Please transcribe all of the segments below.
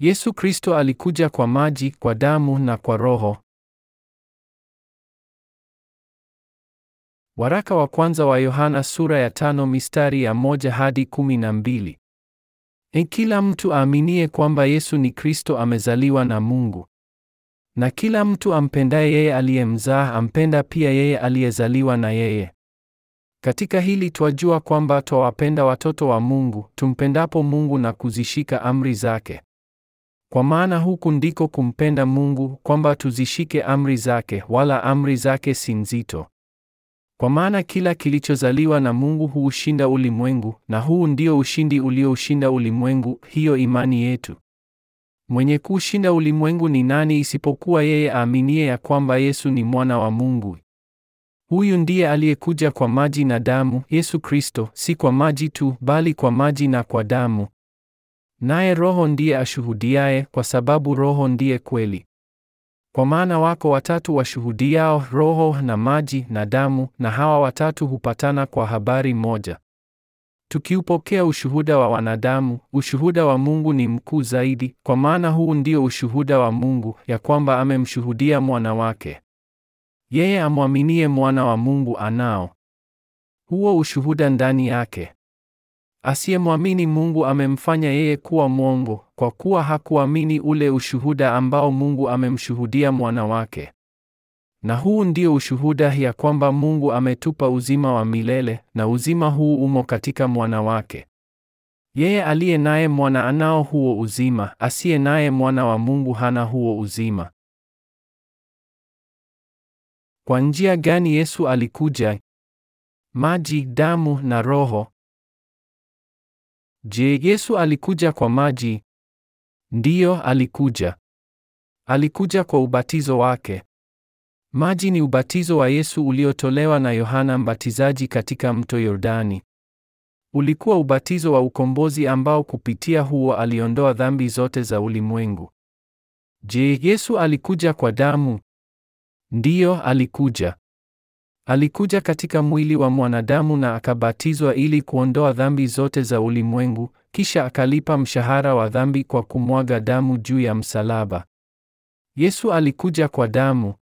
Yesu Kristo alikuja kwa maji, kwa damu na kwa Roho. Waraka wa kwanza wa Yohana sura ya tano mistari ya moja hadi kumi na mbili. E, kila mtu aaminie kwamba Yesu ni Kristo amezaliwa na Mungu. Na kila mtu ampendaye yeye aliyemzaa ampenda pia yeye aliyezaliwa na yeye. Katika hili twajua kwamba twawapenda watoto wa Mungu, tumpendapo Mungu na kuzishika amri zake. Kwa maana huku ndiko kumpenda Mungu, kwamba tuzishike amri zake, wala amri zake si nzito. Kwa maana kila kilichozaliwa na Mungu huushinda ulimwengu, na huu ndio ushindi ulioushinda ulimwengu, hiyo imani yetu. Mwenye kuushinda ulimwengu ni nani isipokuwa yeye aaminie ya kwamba Yesu ni mwana wa Mungu? Huyu ndiye aliyekuja kwa maji na damu, Yesu Kristo, si kwa maji tu, bali kwa maji na kwa damu. Naye Roho ndiye ashuhudiaye, kwa sababu Roho ndiye kweli. Kwa maana wako watatu washuhudiao, Roho na maji na damu, na hawa watatu hupatana kwa habari moja. Tukiupokea ushuhuda wa wanadamu, ushuhuda wa Mungu ni mkuu zaidi, kwa maana huu ndio ushuhuda wa Mungu, ya kwamba amemshuhudia mwana wake. Yeye amwaminie mwana wa Mungu anao huo ushuhuda ndani yake. Asiyemwamini Mungu amemfanya yeye kuwa mwongo, kwa kuwa hakuamini ule ushuhuda ambao Mungu amemshuhudia mwana wake. Na huu ndio ushuhuda ya kwamba Mungu ametupa uzima wa milele, na uzima huu umo katika mwana wake. Yeye aliye naye mwana anao huo uzima, asiye naye mwana wa Mungu hana huo uzima. Kwa njia gani Yesu alikuja? Maji, damu na Roho. Je, Yesu alikuja kwa maji? Ndiyo, alikuja. Alikuja kwa ubatizo wake. Maji ni ubatizo wa Yesu uliotolewa na Yohana Mbatizaji katika mto Yordani. Ulikuwa ubatizo wa ukombozi ambao kupitia huo aliondoa dhambi zote za ulimwengu. Je, Yesu alikuja kwa damu? Ndiyo, alikuja. Alikuja katika mwili wa mwanadamu na akabatizwa ili kuondoa dhambi zote za ulimwengu, kisha akalipa mshahara wa dhambi kwa kumwaga damu juu ya msalaba. Yesu alikuja kwa damu.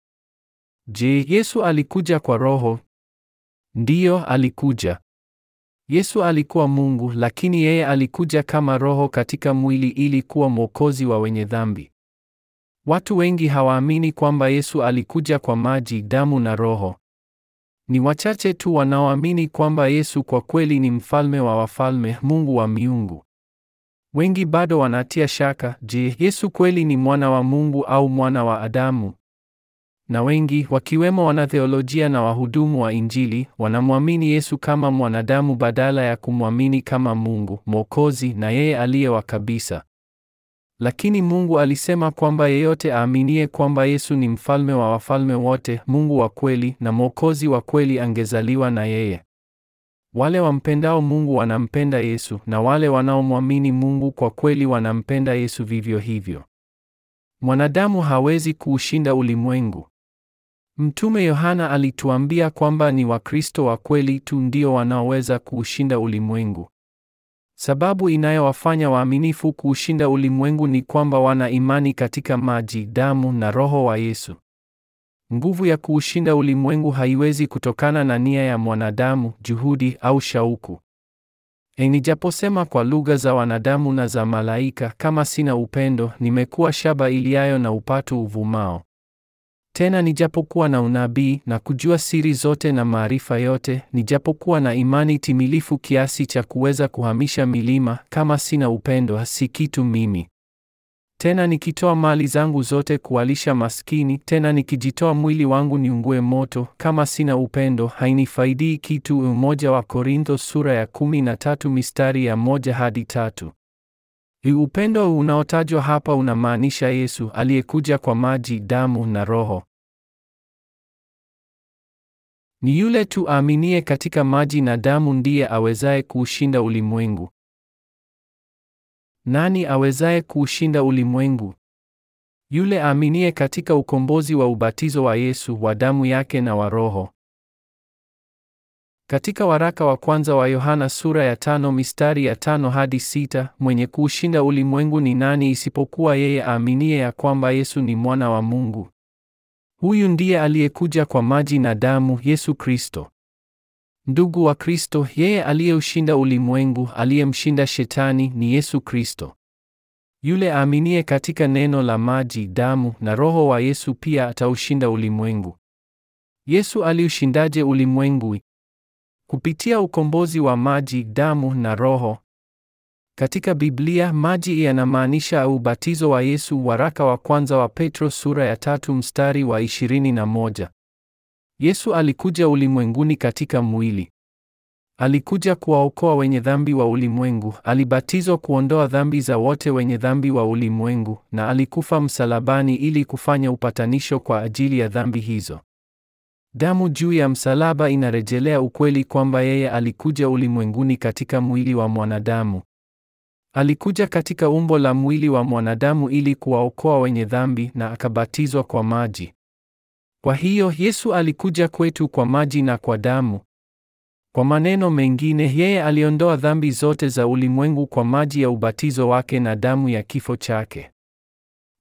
Je, Yesu alikuja kwa roho? Ndiyo, alikuja. Yesu alikuwa Mungu, lakini yeye alikuja kama roho katika mwili ili kuwa mwokozi wa wenye dhambi. Watu wengi hawaamini kwamba Yesu alikuja kwa maji, damu na roho. Ni wachache tu wanaoamini kwamba Yesu kwa kweli ni mfalme wa wafalme, Mungu wa miungu. Wengi bado wanatia shaka, je, Yesu kweli ni mwana wa Mungu au mwana wa Adamu? Na wengi wakiwemo wanatheolojia na wahudumu wa Injili wanamwamini Yesu kama mwanadamu badala ya kumwamini kama Mungu Mwokozi na yeye aliye wa kabisa. Lakini Mungu alisema kwamba yeyote aaminie kwamba Yesu ni mfalme wa wafalme wote, Mungu wa kweli na Mwokozi wa kweli angezaliwa na yeye. Wale wampendao Mungu wanampenda Yesu na wale wanaomwamini Mungu kwa kweli wanampenda Yesu vivyo hivyo. Mwanadamu hawezi kuushinda ulimwengu. Mtume Yohana alituambia kwamba ni Wakristo wa kweli tu ndio wanaoweza kuushinda ulimwengu. Sababu inayowafanya waaminifu kuushinda ulimwengu ni kwamba wana imani katika maji, damu na Roho wa Yesu. Nguvu ya kuushinda ulimwengu haiwezi kutokana na nia ya mwanadamu, juhudi au shauku. E, nijaposema kwa lugha za wanadamu na za malaika, kama sina upendo, nimekuwa shaba iliayo na upatu uvumao. Tena nijapokuwa na unabii na kujua siri zote na maarifa yote, nijapokuwa na imani timilifu kiasi cha kuweza kuhamisha milima, kama sina upendo, si kitu mimi. Tena nikitoa mali zangu zote kuwalisha maskini, tena nikijitoa mwili wangu niungue moto, kama sina upendo hainifaidii kitu. Umoja wa Korintho sura ya 13 mistari ya moja hadi tatu. Upendo unaotajwa hapa unamaanisha Yesu aliyekuja kwa maji, damu na Roho. Ni yule tu aaminie katika maji na damu ndiye awezaye kuushinda ulimwengu. Nani awezaye kuushinda ulimwengu? Yule aaminie katika ukombozi wa ubatizo wa Yesu, wa damu yake na wa Roho. Katika waraka wa kwanza wa Yohana sura ya tano mistari ya tano hadi sita, mwenye kuushinda ulimwengu ni nani isipokuwa yeye aaminie ya kwamba Yesu ni mwana wa Mungu? Huyu ndiye aliyekuja kwa maji na damu, Yesu Kristo. Ndugu wa Kristo, yeye aliyeushinda ulimwengu, aliyemshinda Shetani ni Yesu Kristo. Yule aaminie katika neno la maji, damu na roho wa Yesu pia ataushinda ulimwengu. Yesu aliushindaje ulimwengu? kupitia ukombozi wa maji, damu na Roho. Katika Biblia maji yanamaanisha ubatizo wa Yesu, waraka wa kwanza wa Petro sura ya tatu mstari wa 21. Yesu alikuja ulimwenguni katika mwili. Alikuja kuwaokoa wenye dhambi wa ulimwengu, alibatizwa kuondoa dhambi za wote wenye dhambi wa ulimwengu na alikufa msalabani ili kufanya upatanisho kwa ajili ya dhambi hizo. Damu juu ya msalaba inarejelea ukweli kwamba yeye alikuja ulimwenguni katika mwili wa mwanadamu. Alikuja katika umbo la mwili wa mwanadamu ili kuwaokoa wenye dhambi na akabatizwa kwa maji. Kwa hiyo Yesu alikuja kwetu kwa maji na kwa damu. Kwa maneno mengine, yeye aliondoa dhambi zote za ulimwengu kwa maji ya ubatizo wake na damu ya kifo chake.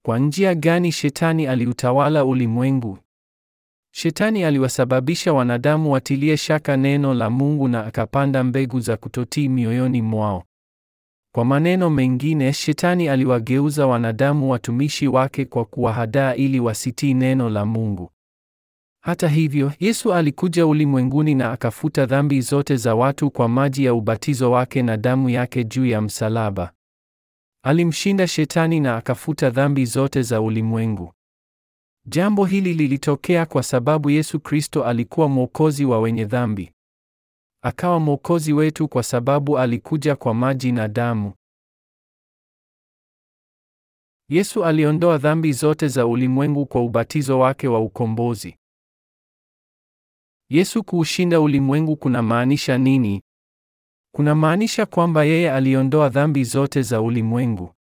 Kwa njia gani shetani aliutawala ulimwengu? Shetani aliwasababisha wanadamu watilie shaka neno la Mungu na akapanda mbegu za kutotii mioyoni mwao. Kwa maneno mengine, Shetani aliwageuza wanadamu watumishi wake kwa kuwahadaa ili wasitii neno la Mungu. Hata hivyo, Yesu alikuja ulimwenguni na akafuta dhambi zote za watu kwa maji ya ubatizo wake na damu yake juu ya msalaba. Alimshinda Shetani na akafuta dhambi zote za ulimwengu. Jambo hili lilitokea kwa sababu Yesu Kristo alikuwa mwokozi wa wenye dhambi. Akawa mwokozi wetu kwa sababu alikuja kwa maji na damu. Yesu aliondoa dhambi zote za ulimwengu kwa ubatizo wake wa ukombozi. Yesu kuushinda ulimwengu kunamaanisha nini? Kunamaanisha kwamba yeye aliondoa dhambi zote za ulimwengu.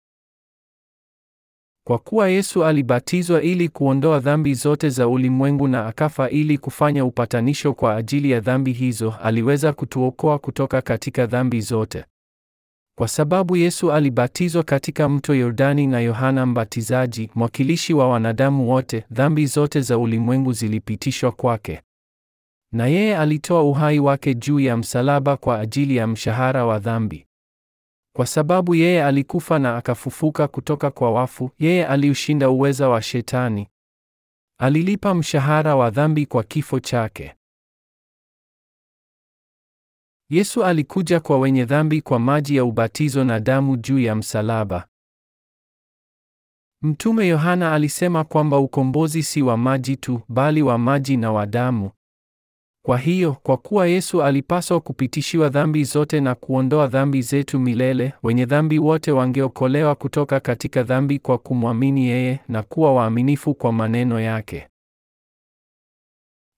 Kwa kuwa Yesu alibatizwa ili kuondoa dhambi zote za ulimwengu na akafa ili kufanya upatanisho kwa ajili ya dhambi hizo, aliweza kutuokoa kutoka katika dhambi zote. Kwa sababu Yesu alibatizwa katika mto Yordani na Yohana Mbatizaji, mwakilishi wa wanadamu wote, dhambi zote za ulimwengu zilipitishwa kwake. Na yeye alitoa uhai wake juu ya msalaba kwa ajili ya mshahara wa dhambi. Kwa sababu yeye alikufa na akafufuka kutoka kwa wafu, yeye aliushinda uweza wa Shetani. Alilipa mshahara wa dhambi kwa kifo chake. Yesu alikuja kwa wenye dhambi kwa maji ya ubatizo na damu juu ya msalaba. Mtume Yohana alisema kwamba ukombozi si wa maji tu, bali wa maji na wa damu. Kwa hiyo, kwa kuwa Yesu alipaswa kupitishiwa dhambi zote na kuondoa dhambi zetu milele, wenye dhambi wote wangeokolewa kutoka katika dhambi kwa kumwamini yeye na kuwa waaminifu kwa maneno yake.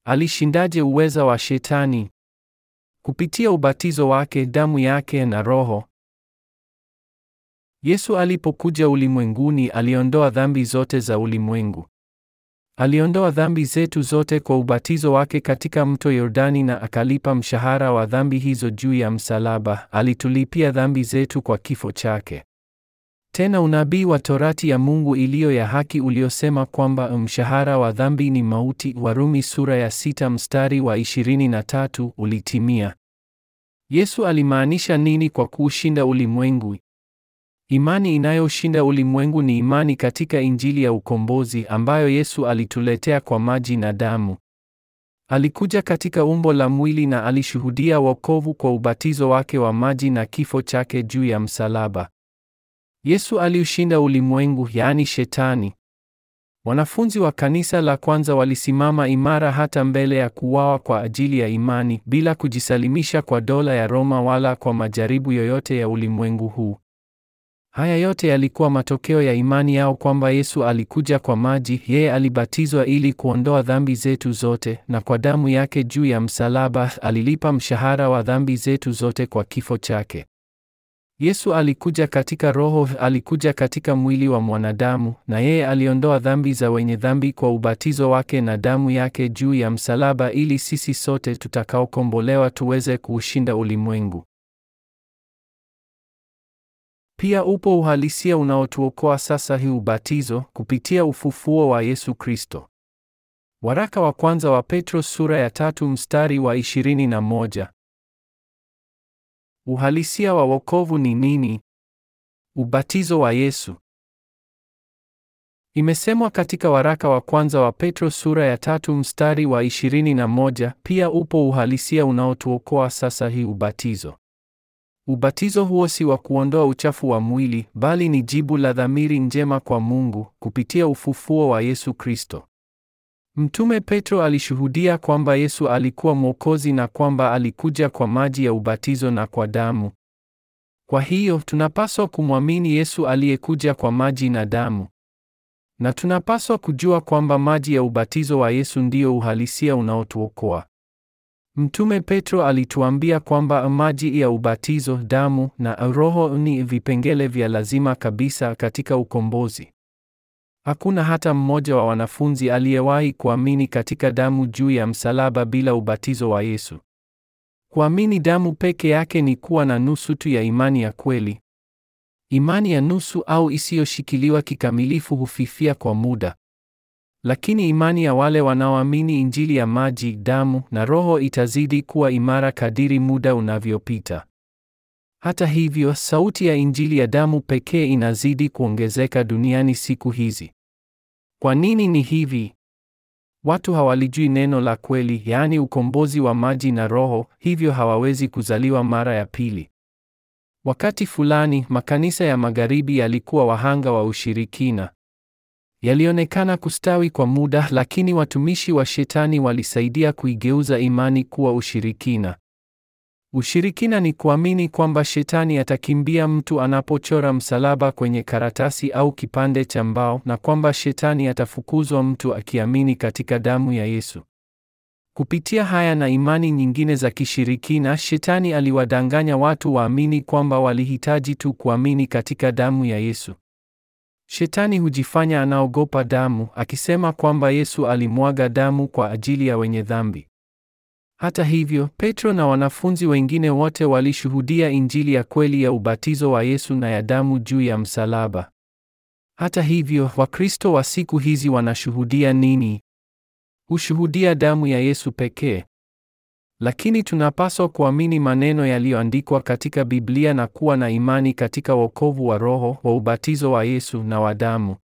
Alishindaje uweza wa Shetani? Kupitia ubatizo wake, damu yake na Roho. Yesu alipokuja ulimwenguni aliondoa dhambi zote za ulimwengu. Aliondoa dhambi zetu zote kwa ubatizo wake katika mto Yordani na akalipa mshahara wa dhambi hizo juu ya msalaba. Alitulipia dhambi zetu kwa kifo chake. Tena unabii wa Torati ya Mungu iliyo ya haki uliosema kwamba mshahara wa dhambi ni mauti, Warumi sura ya sita mstari wa 23, ulitimia. Yesu alimaanisha nini kwa kuushinda ulimwengu? Imani inayoshinda ulimwengu ni imani katika Injili ya ukombozi ambayo Yesu alituletea kwa maji na damu. Alikuja katika umbo la mwili na alishuhudia wokovu kwa ubatizo wake wa maji na kifo chake juu ya msalaba. Yesu aliushinda ulimwengu, yaani Shetani. Wanafunzi wa kanisa la kwanza walisimama imara hata mbele ya kuwawa kwa ajili ya imani, bila kujisalimisha kwa dola ya Roma wala kwa majaribu yoyote ya ulimwengu huu. Haya yote yalikuwa matokeo ya imani yao kwamba Yesu alikuja kwa maji, yeye alibatizwa ili kuondoa dhambi zetu zote, na kwa damu yake juu ya msalaba alilipa mshahara wa dhambi zetu zote kwa kifo chake. Yesu alikuja katika roho, alikuja katika mwili wa mwanadamu, na yeye aliondoa dhambi za wenye dhambi kwa ubatizo wake na damu yake juu ya msalaba, ili sisi sote tutakaokombolewa tuweze kuushinda ulimwengu. Pia upo uhalisia unaotuokoa sasa hii ubatizo kupitia ufufuo wa Yesu Kristo. Waraka wa kwanza wa Petro sura ya tatu mstari wa 21. Uhalisia wa wokovu ni nini? Ubatizo wa Yesu. Imesemwa katika waraka wa kwanza wa Petro sura ya tatu mstari wa 21, pia upo uhalisia unaotuokoa sasa hii ubatizo. Ubatizo huo si wa kuondoa uchafu wa mwili, bali ni jibu la dhamiri njema kwa Mungu kupitia ufufuo wa Yesu Kristo. Mtume Petro alishuhudia kwamba Yesu alikuwa Mwokozi na kwamba alikuja kwa maji ya ubatizo na kwa damu. Kwa hiyo tunapaswa kumwamini Yesu aliyekuja kwa maji na damu. Na tunapaswa kujua kwamba maji ya ubatizo wa Yesu ndiyo uhalisia unaotuokoa. Mtume Petro alituambia kwamba maji ya ubatizo, damu na roho ni vipengele vya lazima kabisa katika ukombozi. Hakuna hata mmoja wa wanafunzi aliyewahi kuamini katika damu juu ya msalaba bila ubatizo wa Yesu. Kuamini damu peke yake ni kuwa na nusu tu ya imani ya kweli. Imani ya nusu au isiyoshikiliwa kikamilifu hufifia kwa muda. Lakini imani ya wale wanaoamini Injili ya maji, damu na Roho itazidi kuwa imara kadiri muda unavyopita. Hata hivyo, sauti ya Injili ya damu pekee inazidi kuongezeka duniani siku hizi. Kwa nini ni hivi? Watu hawalijui neno la kweli, yaani ukombozi wa maji na Roho, hivyo hawawezi kuzaliwa mara ya pili. Wakati fulani makanisa ya magharibi yalikuwa wahanga wa ushirikina yalionekana kustawi kwa muda, lakini watumishi wa Shetani walisaidia kuigeuza imani kuwa ushirikina. Ushirikina ni kuamini kwamba Shetani atakimbia mtu anapochora msalaba kwenye karatasi au kipande cha mbao na kwamba Shetani atafukuzwa mtu akiamini katika damu ya Yesu. Kupitia haya na imani nyingine za kishirikina, Shetani aliwadanganya watu waamini kwamba walihitaji tu kuamini katika damu ya Yesu. Shetani hujifanya anaogopa damu, akisema kwamba Yesu alimwaga damu kwa ajili ya wenye dhambi. Hata hivyo, Petro na wanafunzi wengine wote walishuhudia injili ya kweli ya ubatizo wa Yesu na ya damu juu ya msalaba. Hata hivyo, Wakristo wa siku hizi wanashuhudia nini? Hushuhudia damu ya Yesu pekee. Lakini tunapaswa kuamini maneno yaliyoandikwa katika Biblia na kuwa na imani katika wokovu wa roho, wa ubatizo wa Yesu na wa damu.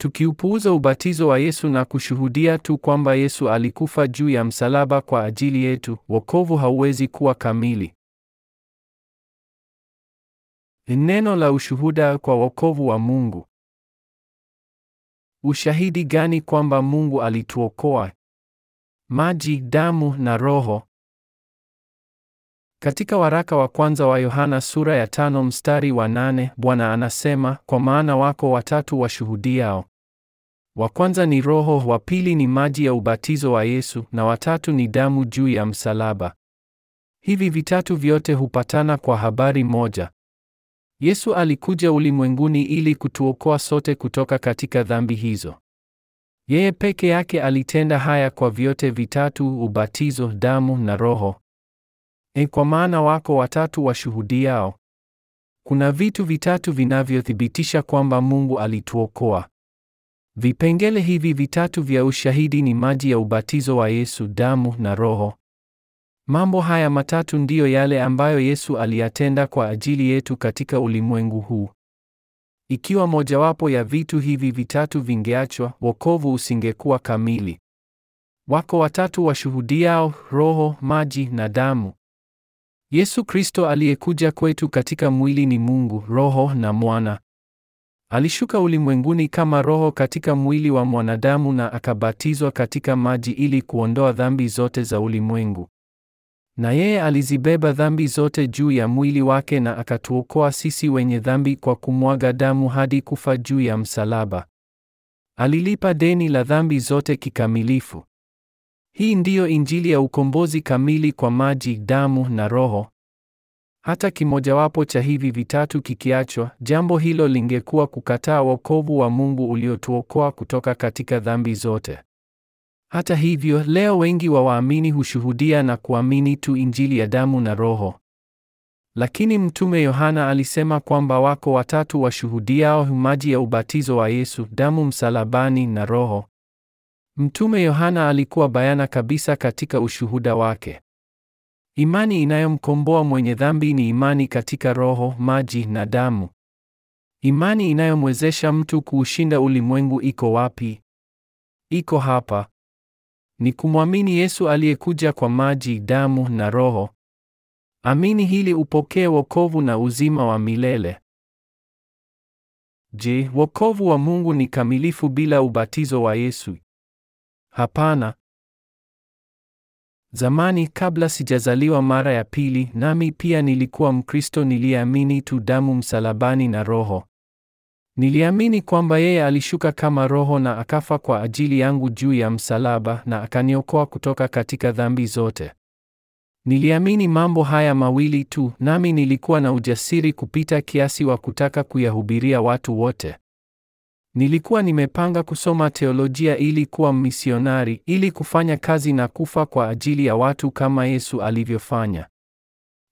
Tukiupuuza ubatizo wa Yesu na kushuhudia tu kwamba Yesu alikufa juu ya msalaba kwa ajili yetu, wokovu hauwezi kuwa kamili. Neno la ushuhuda kwa wokovu wa Mungu. Ushahidi gani kwamba Mungu alituokoa? maji, damu na Roho. Katika waraka wa kwanza wa Yohana sura ya tano mstari wa nane Bwana anasema, kwa maana wako watatu washuhudiao, wa kwanza ni Roho, wa pili ni maji ya ubatizo wa Yesu, na watatu ni damu juu ya msalaba. Hivi vitatu vyote hupatana kwa habari moja. Yesu alikuja ulimwenguni ili kutuokoa sote kutoka katika dhambi hizo. Yeye peke yake alitenda haya kwa vyote vitatu, ubatizo, damu na Roho. E, kwa maana wako watatu washuhudiao. Kuna vitu vitatu vinavyothibitisha kwamba Mungu alituokoa. Vipengele hivi vitatu vya ushahidi ni maji ya ubatizo wa Yesu, damu na Roho. Mambo haya matatu ndiyo yale ambayo Yesu aliyatenda kwa ajili yetu katika ulimwengu huu. Ikiwa mojawapo ya vitu hivi vitatu vingeachwa, wokovu usingekuwa kamili. Wako watatu washuhudiao: roho, maji na damu. Yesu Kristo aliyekuja kwetu katika mwili ni Mungu, roho na mwana. Alishuka ulimwenguni kama roho katika mwili wa mwanadamu na akabatizwa katika maji ili kuondoa dhambi zote za ulimwengu na yeye alizibeba dhambi zote juu ya mwili wake na akatuokoa sisi wenye dhambi kwa kumwaga damu hadi kufa juu ya msalaba. Alilipa deni la dhambi zote kikamilifu. Hii ndiyo Injili ya ukombozi kamili kwa maji, damu na Roho. Hata kimojawapo cha hivi vitatu kikiachwa, jambo hilo lingekuwa kukataa wokovu wa Mungu uliotuokoa kutoka katika dhambi zote. Hata hivyo, leo wengi wa waamini hushuhudia na kuamini tu injili ya damu na Roho. Lakini Mtume Yohana alisema kwamba wako watatu washuhudiao: maji ya ubatizo wa Yesu, damu msalabani na Roho. Mtume Yohana alikuwa bayana kabisa katika ushuhuda wake. Imani inayomkomboa mwenye dhambi ni imani katika Roho, maji na damu. Imani inayomwezesha mtu kuushinda ulimwengu iko wapi? Iko hapa ni kumwamini Yesu aliyekuja kwa maji, damu na Roho. Amini hili upokee wokovu na uzima wa milele. Je, wokovu wa Mungu ni kamilifu bila ubatizo wa Yesu? Hapana. Zamani kabla sijazaliwa mara ya pili, nami pia nilikuwa Mkristo niliyeamini tu damu msalabani na Roho. Niliamini kwamba yeye alishuka kama roho na akafa kwa ajili yangu juu ya msalaba na akaniokoa kutoka katika dhambi zote. Niliamini mambo haya mawili tu, nami nilikuwa na ujasiri kupita kiasi wa kutaka kuyahubiria watu wote. Nilikuwa nimepanga kusoma teolojia ili kuwa misionari, ili kufanya kazi na kufa kwa ajili ya watu kama Yesu alivyofanya.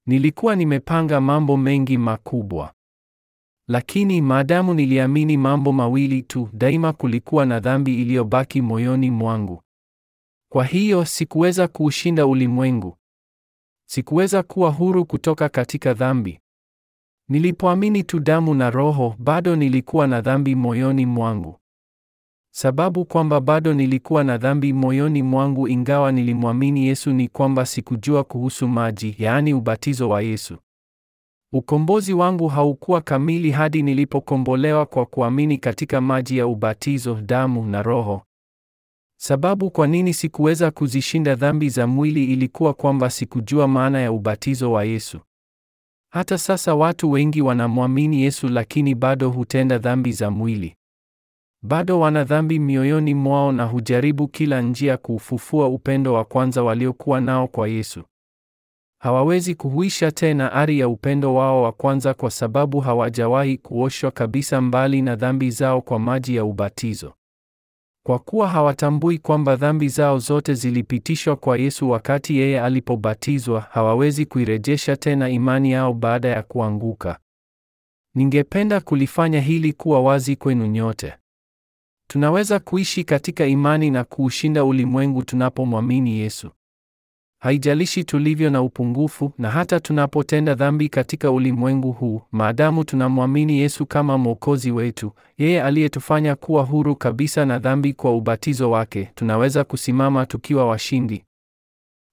Nilikuwa nimepanga mambo mengi makubwa. Lakini maadamu niliamini mambo mawili tu, daima kulikuwa na dhambi iliyobaki moyoni mwangu. Kwa hiyo sikuweza kuushinda ulimwengu. Sikuweza kuwa huru kutoka katika dhambi. Nilipoamini tu damu na roho, bado nilikuwa na dhambi moyoni mwangu. Sababu kwamba bado nilikuwa na dhambi moyoni mwangu ingawa nilimwamini Yesu ni kwamba sikujua kuhusu maji, yaani ubatizo wa Yesu. Ukombozi wangu haukuwa kamili hadi nilipokombolewa kwa kuamini katika maji ya ubatizo, damu na Roho. Sababu kwa nini sikuweza kuzishinda dhambi za mwili ilikuwa kwamba sikujua maana ya ubatizo wa Yesu. Hata sasa watu wengi wanamwamini Yesu lakini bado hutenda dhambi za mwili. Bado wana dhambi mioyoni mwao na hujaribu kila njia kuufufua upendo wa kwanza waliokuwa nao kwa Yesu. Hawawezi kuhuisha tena ari ya upendo wao wa kwanza kwa sababu hawajawahi kuoshwa kabisa mbali na dhambi zao kwa maji ya ubatizo. Kwa kuwa hawatambui kwamba dhambi zao zote zilipitishwa kwa Yesu wakati yeye alipobatizwa, hawawezi kuirejesha tena imani yao baada ya kuanguka. Ningependa kulifanya hili kuwa wazi kwenu nyote. Tunaweza kuishi katika imani na kuushinda ulimwengu tunapomwamini Yesu. Haijalishi tulivyo na upungufu na hata tunapotenda dhambi katika ulimwengu huu, maadamu tunamwamini Yesu kama Mwokozi wetu, yeye aliyetufanya kuwa huru kabisa na dhambi kwa ubatizo wake, tunaweza kusimama tukiwa washindi.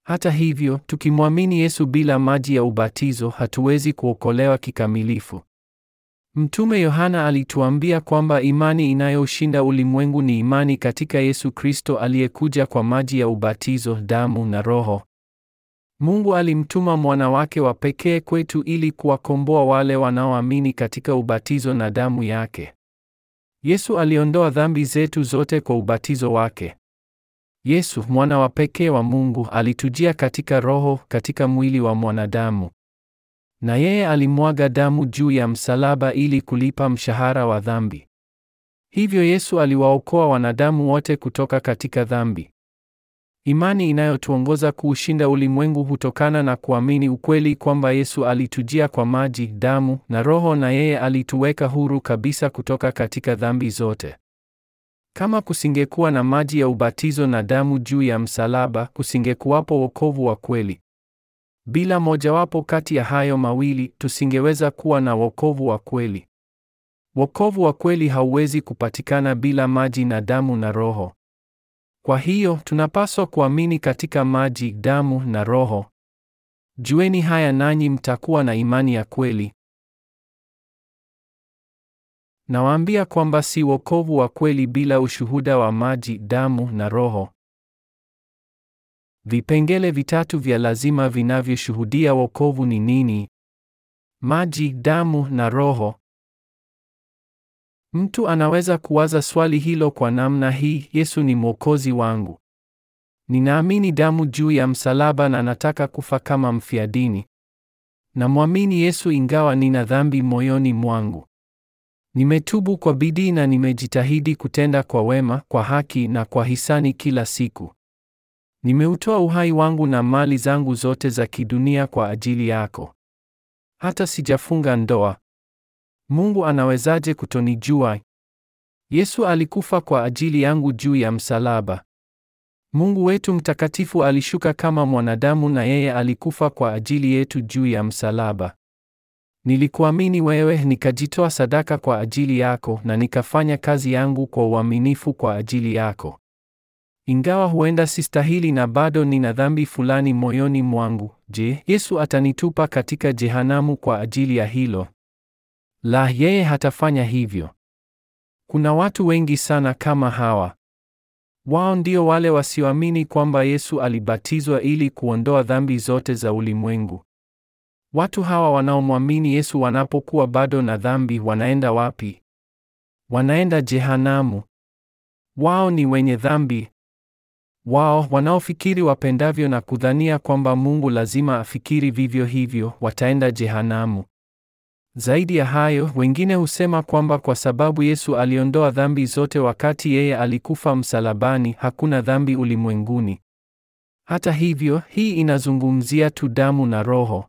Hata hivyo, tukimwamini Yesu bila maji ya ubatizo, hatuwezi kuokolewa kikamilifu. Mtume Yohana alituambia kwamba imani inayoshinda ulimwengu ni imani katika Yesu Kristo aliyekuja kwa maji ya ubatizo, damu na Roho. Mungu alimtuma mwana wake wa pekee kwetu ili kuwakomboa wale wanaoamini katika ubatizo na damu yake. Yesu aliondoa dhambi zetu zote kwa ubatizo wake. Yesu mwana wa pekee wa Mungu alitujia katika roho, katika mwili wa mwanadamu. Na yeye alimwaga damu juu ya msalaba ili kulipa mshahara wa dhambi. Hivyo Yesu aliwaokoa wanadamu wote kutoka katika dhambi. Imani inayotuongoza kuushinda ulimwengu hutokana na kuamini ukweli kwamba Yesu alitujia kwa maji, damu na Roho, na yeye alituweka huru kabisa kutoka katika dhambi zote. Kama kusingekuwa na maji ya ubatizo na damu juu ya msalaba, kusingekuwapo wokovu wa kweli. Bila mojawapo kati ya hayo mawili, tusingeweza kuwa na wokovu wa kweli. Wokovu wa kweli hauwezi kupatikana bila maji na damu na Roho. Kwa hiyo tunapaswa kuamini katika maji, damu na Roho. Jueni haya nanyi mtakuwa na imani ya kweli. Nawaambia kwamba si wokovu wa kweli bila ushuhuda wa maji, damu na Roho. Vipengele vitatu vya lazima vinavyoshuhudia wokovu ni nini? Maji, damu na Roho. Mtu anaweza kuwaza swali hilo kwa namna hii, Yesu ni mwokozi wangu? Ninaamini damu juu ya msalaba na nataka kufa kama mfiadini. Namwamini Yesu ingawa nina dhambi moyoni mwangu. Nimetubu kwa bidii na nimejitahidi kutenda kwa wema, kwa haki na kwa hisani kila siku. Nimeutoa uhai wangu na mali zangu zote za kidunia kwa ajili yako. Hata sijafunga ndoa, Mungu anawezaje kutonijua? Yesu alikufa kwa ajili yangu juu ya msalaba. Mungu wetu mtakatifu alishuka kama mwanadamu na yeye alikufa kwa ajili yetu juu ya msalaba. Nilikuamini wewe, nikajitoa sadaka kwa ajili yako na nikafanya kazi yangu kwa uaminifu kwa ajili yako. Ingawa huenda sistahili na bado nina dhambi fulani moyoni mwangu. Je, Yesu atanitupa katika jehanamu kwa ajili ya hilo? La, yeye hatafanya hivyo. Kuna watu wengi sana kama hawa. Wao ndio wale wasioamini kwamba Yesu alibatizwa ili kuondoa dhambi zote za ulimwengu. Watu hawa wanaomwamini Yesu wanapokuwa bado na dhambi wanaenda wapi? Wanaenda jehanamu. Wao ni wenye dhambi. Wao wanaofikiri wapendavyo na kudhania kwamba Mungu lazima afikiri vivyo hivyo wataenda jehanamu. Zaidi ya hayo, wengine husema kwamba kwa sababu Yesu aliondoa dhambi zote wakati yeye alikufa msalabani, hakuna dhambi ulimwenguni. Hata hivyo, hii inazungumzia tu damu na roho.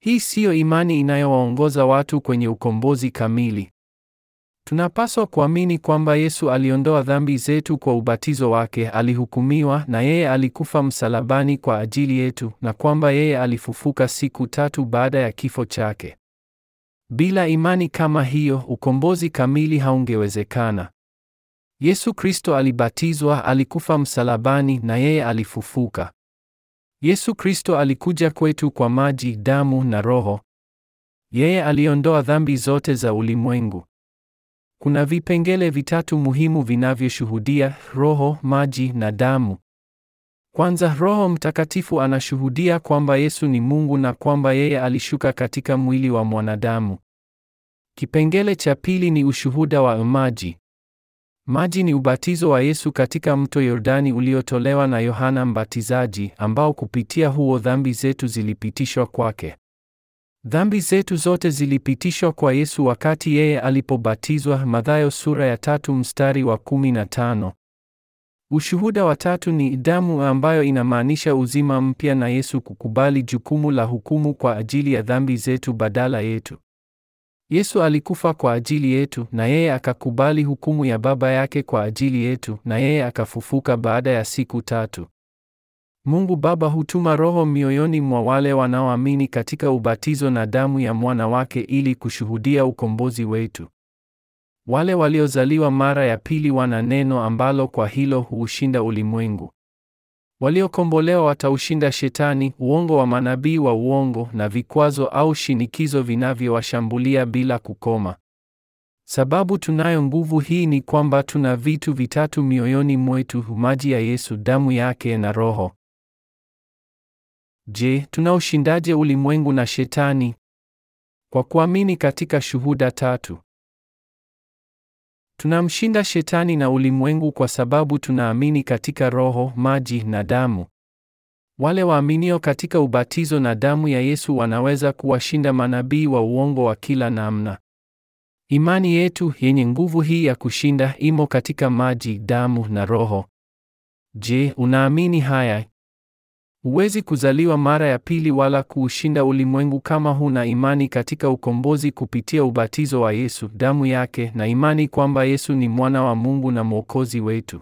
Hii siyo imani inayowaongoza watu kwenye ukombozi kamili. Tunapaswa kuamini kwamba Yesu aliondoa dhambi zetu kwa ubatizo wake, alihukumiwa na yeye alikufa msalabani kwa ajili yetu na kwamba yeye alifufuka siku tatu baada ya kifo chake. Bila imani kama hiyo, ukombozi kamili haungewezekana. Yesu Kristo alibatizwa, alikufa msalabani na yeye alifufuka. Yesu Kristo alikuja kwetu kwa maji, damu na Roho. Yeye aliondoa dhambi zote za ulimwengu. Kuna vipengele vitatu muhimu vinavyoshuhudia: roho, maji na damu. Kwanza, Roho Mtakatifu anashuhudia kwamba Yesu ni Mungu na kwamba yeye alishuka katika mwili wa mwanadamu. Kipengele cha pili ni ushuhuda wa maji. Maji ni ubatizo wa Yesu katika mto Yordani uliotolewa na Yohana Mbatizaji, ambao kupitia huo dhambi zetu zilipitishwa kwake. Dhambi zetu zote zilipitishwa kwa Yesu wakati yeye alipobatizwa, Mathayo sura ya tatu mstari wa 15. Ushuhuda wa tatu ni damu ambayo inamaanisha uzima mpya na Yesu kukubali jukumu la hukumu kwa ajili ya dhambi zetu badala yetu. Yesu alikufa kwa ajili yetu na yeye akakubali hukumu ya Baba yake kwa ajili yetu na yeye akafufuka baada ya siku tatu. Mungu Baba hutuma Roho mioyoni mwa wale wanaoamini katika ubatizo na damu ya mwana wake ili kushuhudia ukombozi wetu. Wale waliozaliwa mara ya pili wana neno ambalo kwa hilo huushinda ulimwengu. Waliokombolewa wataushinda shetani, uongo wa manabii wa uongo na vikwazo au shinikizo vinavyowashambulia bila kukoma. Sababu tunayo nguvu hii ni kwamba tuna vitu vitatu mioyoni mwetu: maji ya Yesu, damu yake na Roho. Je, tunaushindaje ulimwengu na Shetani? Kwa kuamini katika shuhuda tatu. Tunamshinda shetani na ulimwengu kwa sababu tunaamini katika roho, maji na damu. Wale waaminio katika ubatizo na damu ya Yesu wanaweza kuwashinda manabii wa uongo wa kila namna. Imani yetu yenye nguvu hii ya kushinda imo katika maji, damu na roho. Je, unaamini haya? Huwezi kuzaliwa mara ya pili wala kuushinda ulimwengu kama huna imani katika ukombozi kupitia ubatizo wa Yesu, damu yake na imani kwamba Yesu ni mwana wa Mungu na Mwokozi wetu.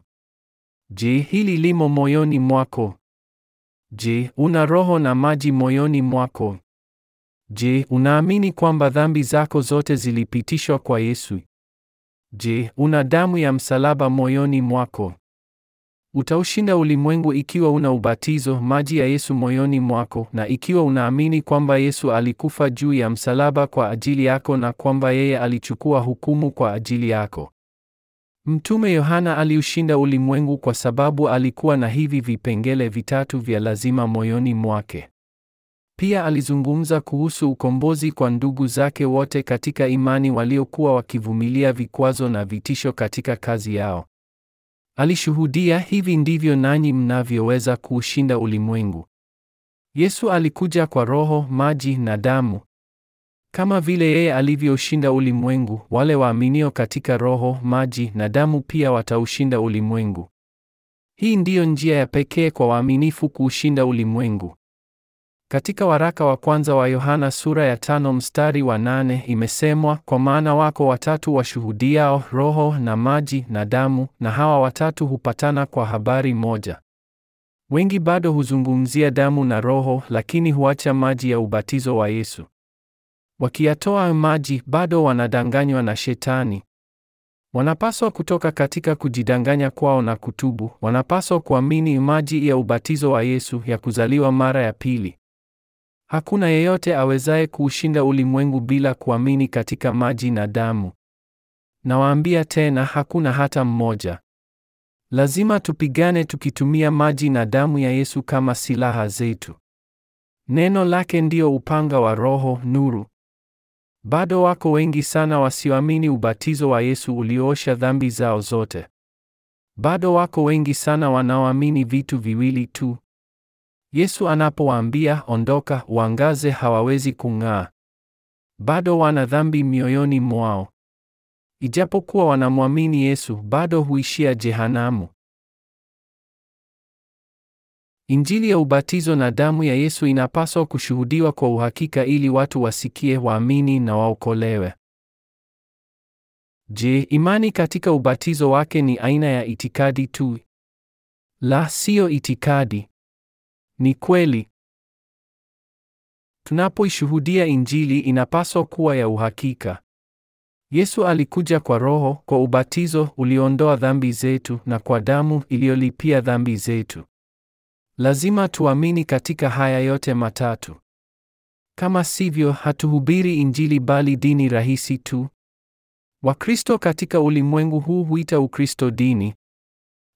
Je, hili limo moyoni mwako? Je, una roho na maji moyoni mwako? Je, unaamini kwamba dhambi zako zote zilipitishwa kwa Yesu? Je, una damu ya msalaba moyoni mwako? Utaushinda ulimwengu ikiwa una ubatizo, maji ya Yesu moyoni mwako na ikiwa unaamini kwamba Yesu alikufa juu ya msalaba kwa ajili yako na kwamba yeye alichukua hukumu kwa ajili yako. Mtume Yohana aliushinda ulimwengu kwa sababu alikuwa na hivi vipengele vitatu vya lazima moyoni mwake. Pia alizungumza kuhusu ukombozi kwa ndugu zake wote katika imani waliokuwa wakivumilia vikwazo na vitisho katika kazi yao. Alishuhudia, hivi ndivyo nanyi mnavyoweza kuushinda ulimwengu. Yesu alikuja kwa roho, maji na damu. Kama vile yeye alivyoushinda ulimwengu, wale waaminio katika roho, maji na damu pia wataushinda ulimwengu. Hii ndiyo njia ya pekee kwa waaminifu kuushinda ulimwengu. Katika waraka wa kwanza wa Yohana sura ya tano mstari wa nane imesemwa, kwa maana wako watatu washuhudiao, roho na maji na damu, na hawa watatu hupatana kwa habari moja. Wengi bado huzungumzia damu na roho, lakini huacha maji ya ubatizo wa Yesu. Wakiyatoa maji, bado wanadanganywa na Shetani. Wanapaswa kutoka katika kujidanganya kwao na kutubu. Wanapaswa kuamini maji ya ubatizo wa Yesu ya kuzaliwa mara ya pili. Hakuna yeyote awezaye kuushinda ulimwengu bila kuamini katika maji na damu. Nawaambia tena, hakuna hata mmoja. Lazima tupigane tukitumia maji na damu ya Yesu kama silaha zetu. Neno lake ndio upanga wa Roho, nuru. Bado wako wengi sana wasioamini ubatizo wa Yesu ulioosha dhambi zao zote. Bado wako wengi sana wanaoamini vitu viwili tu, Yesu anapowaambia ondoka, uangaze, hawawezi kung'aa. Bado wana dhambi mioyoni mwao. Ijapokuwa wanamwamini Yesu, bado huishia jehanamu. Injili ya ubatizo na damu ya Yesu inapaswa kushuhudiwa kwa uhakika ili watu wasikie, waamini na waokolewe. Je, imani katika ubatizo wake ni aina ya itikadi tu? La, siyo itikadi. Ni kweli. Tunapoishuhudia Injili inapaswa kuwa ya uhakika. Yesu alikuja kwa Roho, kwa ubatizo uliondoa dhambi zetu na kwa damu iliyolipia dhambi zetu. Lazima tuamini katika haya yote matatu. Kama sivyo, hatuhubiri Injili bali dini rahisi tu. Wakristo katika ulimwengu huu huita Ukristo dini.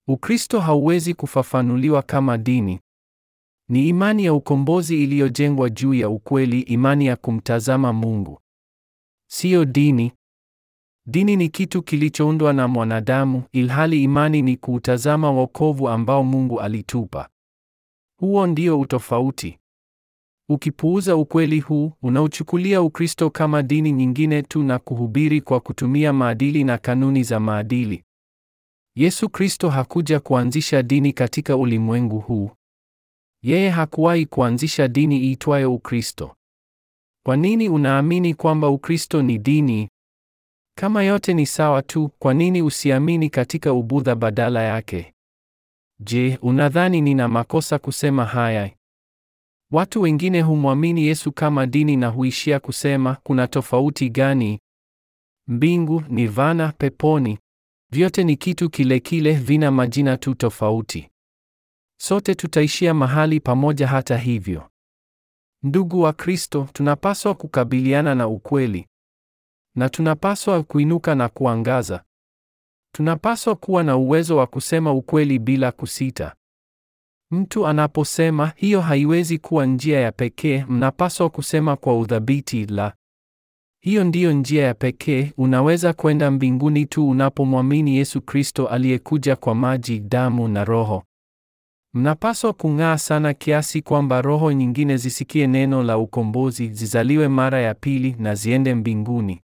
Ukristo hauwezi kufafanuliwa kama dini. Ni imani ya ukombozi iliyojengwa juu ya ukweli, imani ya kumtazama Mungu, siyo dini. Dini ni kitu kilichoundwa na mwanadamu, ilhali imani ni kuutazama wokovu ambao Mungu alitupa. Huo ndio utofauti. Ukipuuza ukweli huu, unauchukulia Ukristo kama dini nyingine tu na kuhubiri kwa kutumia maadili na kanuni za maadili. Yesu Kristo hakuja kuanzisha dini katika ulimwengu huu, yeye hakuwahi kuanzisha dini iitwayo Ukristo. Kwa nini unaamini kwamba Ukristo ni dini? Kama yote ni sawa tu, kwa nini usiamini katika Ubudha badala yake? Je, unadhani nina makosa kusema haya? Watu wengine humwamini Yesu kama dini na huishia kusema kuna tofauti gani? Mbingu, nirvana, peponi, vyote ni kitu kile kile, vina majina tu tofauti. Sote tutaishia mahali pamoja hata hivyo. Ndugu wa Kristo, tunapaswa kukabiliana na ukweli. Na tunapaswa kuinuka na kuangaza. Tunapaswa kuwa na uwezo wa kusema ukweli bila kusita. Mtu anaposema hiyo haiwezi kuwa njia ya pekee, mnapaswa kusema kwa udhabiti, la hiyo ndiyo njia ya pekee. Unaweza kwenda mbinguni tu unapomwamini Yesu Kristo aliyekuja kwa maji, damu na Roho. Mnapaswa kung'aa sana kiasi kwamba roho nyingine zisikie neno la ukombozi, zizaliwe mara ya pili na ziende mbinguni.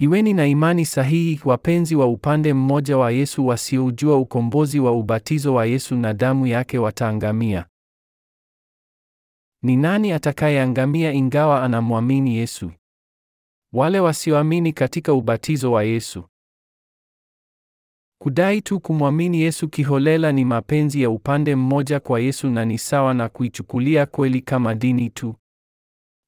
Iweni na imani sahihi, wapenzi wa upande mmoja wa Yesu. Wasiojua ukombozi wa ubatizo wa Yesu na damu yake wataangamia. Ni nani atakayeangamia ingawa anamwamini Yesu? Wale wasioamini katika ubatizo wa Yesu. Kudai tu kumwamini Yesu kiholela ni mapenzi ya upande mmoja kwa Yesu na ni sawa na kuichukulia kweli kama dini tu.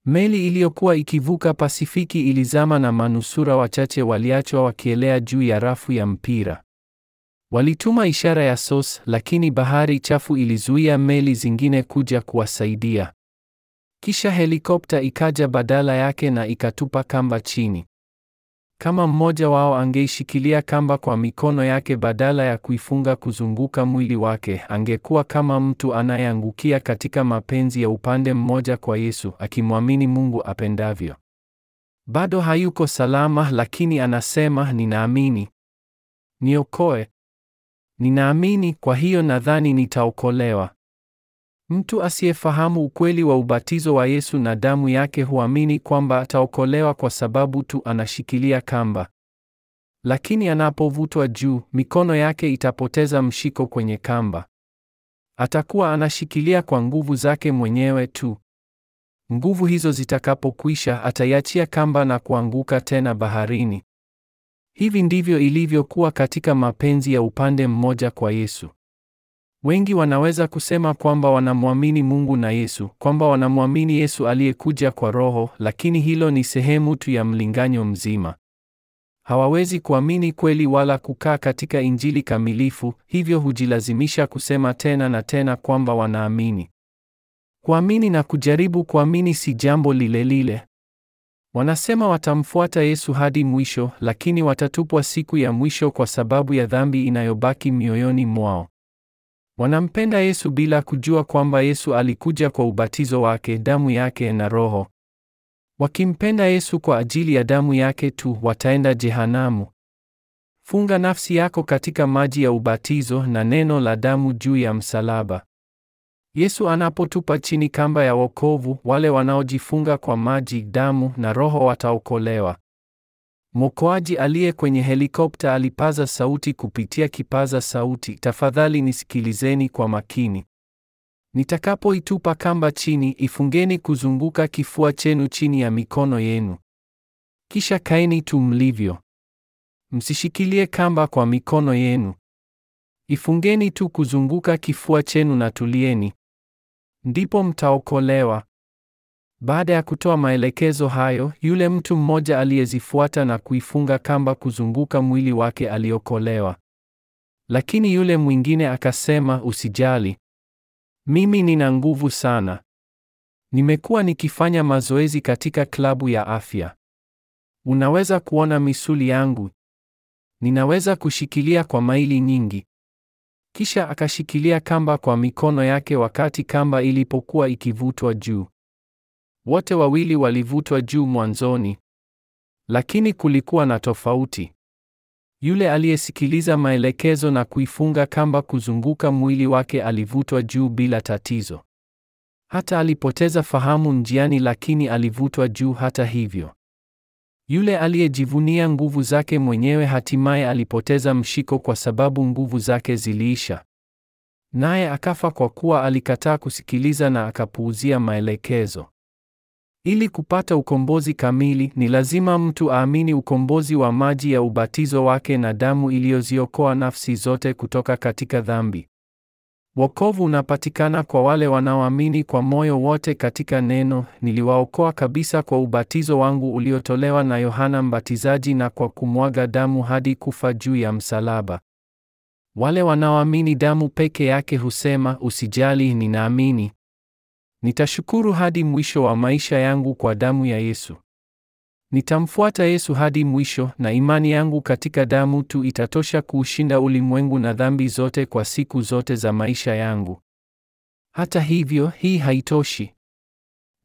Meli iliyokuwa ikivuka Pasifiki ilizama na manusura wachache waliachwa wakielea juu ya rafu ya mpira. Walituma ishara ya SOS, lakini bahari chafu ilizuia meli zingine kuja kuwasaidia. Kisha helikopta ikaja badala yake na ikatupa kamba chini. Kama mmoja wao angeishikilia kamba kwa mikono yake badala ya kuifunga kuzunguka mwili wake, angekuwa kama mtu anayeangukia katika mapenzi ya upande mmoja kwa Yesu, akimwamini Mungu apendavyo. Bado hayuko salama, lakini anasema ninaamini, niokoe. Ninaamini, kwa hiyo nadhani nitaokolewa. Mtu asiyefahamu ukweli wa ubatizo wa Yesu na damu yake huamini kwamba ataokolewa kwa sababu tu anashikilia kamba. Lakini anapovutwa juu, mikono yake itapoteza mshiko kwenye kamba. Atakuwa anashikilia kwa nguvu zake mwenyewe tu. Nguvu hizo zitakapokwisha, ataiachia kamba na kuanguka tena baharini. Hivi ndivyo ilivyokuwa katika mapenzi ya upande mmoja kwa Yesu. Wengi wanaweza kusema kwamba wanamwamini Mungu na Yesu, kwamba wanamwamini Yesu aliyekuja kwa Roho, lakini hilo ni sehemu tu ya mlinganyo mzima. Hawawezi kuamini kweli wala kukaa katika Injili kamilifu, hivyo hujilazimisha kusema tena na tena kwamba wanaamini. Kuamini na kujaribu kuamini si jambo lile lile. Wanasema watamfuata Yesu hadi mwisho, lakini watatupwa siku ya mwisho kwa sababu ya dhambi inayobaki mioyoni mwao. Wanampenda Yesu bila kujua kwamba Yesu alikuja kwa ubatizo wake, damu yake na Roho. Wakimpenda Yesu kwa ajili ya damu yake tu, wataenda jehanamu. Funga nafsi yako katika maji ya ubatizo na neno la damu juu ya msalaba. Yesu anapotupa chini kamba ya wokovu, wale wanaojifunga kwa maji, damu na Roho wataokolewa. Mwokoaji aliye kwenye helikopta alipaza sauti kupitia kipaza sauti, tafadhali nisikilizeni kwa makini. Nitakapoitupa kamba chini, ifungeni kuzunguka kifua chenu chini ya mikono yenu. Kisha kaeni tu mlivyo. Msishikilie kamba kwa mikono yenu. Ifungeni tu kuzunguka kifua chenu na tulieni. Ndipo mtaokolewa. Baada ya kutoa maelekezo hayo, yule mtu mmoja aliyezifuata na kuifunga kamba kuzunguka mwili wake aliokolewa. Lakini yule mwingine akasema, usijali, mimi nina nguvu sana, nimekuwa nikifanya mazoezi katika klabu ya afya. Unaweza kuona misuli yangu, ninaweza kushikilia kwa maili nyingi. Kisha akashikilia kamba kwa mikono yake wakati kamba ilipokuwa ikivutwa juu. Wote wawili walivutwa juu mwanzoni, lakini kulikuwa na tofauti. Yule aliyesikiliza maelekezo na kuifunga kamba kuzunguka mwili wake alivutwa juu bila tatizo. Hata alipoteza fahamu njiani, lakini alivutwa juu hata hivyo. Yule aliyejivunia nguvu zake mwenyewe hatimaye alipoteza mshiko kwa sababu nguvu zake ziliisha. Naye akafa kwa kuwa alikataa kusikiliza na akapuuzia maelekezo. Ili kupata ukombozi kamili, ni lazima mtu aamini ukombozi wa maji ya ubatizo wake na damu iliyoziokoa nafsi zote kutoka katika dhambi. Wokovu unapatikana kwa wale wanaoamini kwa moyo wote katika neno, niliwaokoa kabisa kwa ubatizo wangu uliotolewa na Yohana Mbatizaji na kwa kumwaga damu hadi kufa juu ya msalaba. Wale wanaoamini damu peke yake husema, usijali, ninaamini. Nitashukuru hadi mwisho wa maisha yangu kwa damu ya Yesu. Nitamfuata Yesu hadi mwisho na imani yangu katika damu tu itatosha kuushinda ulimwengu na dhambi zote kwa siku zote za maisha yangu. Hata hivyo, hii haitoshi.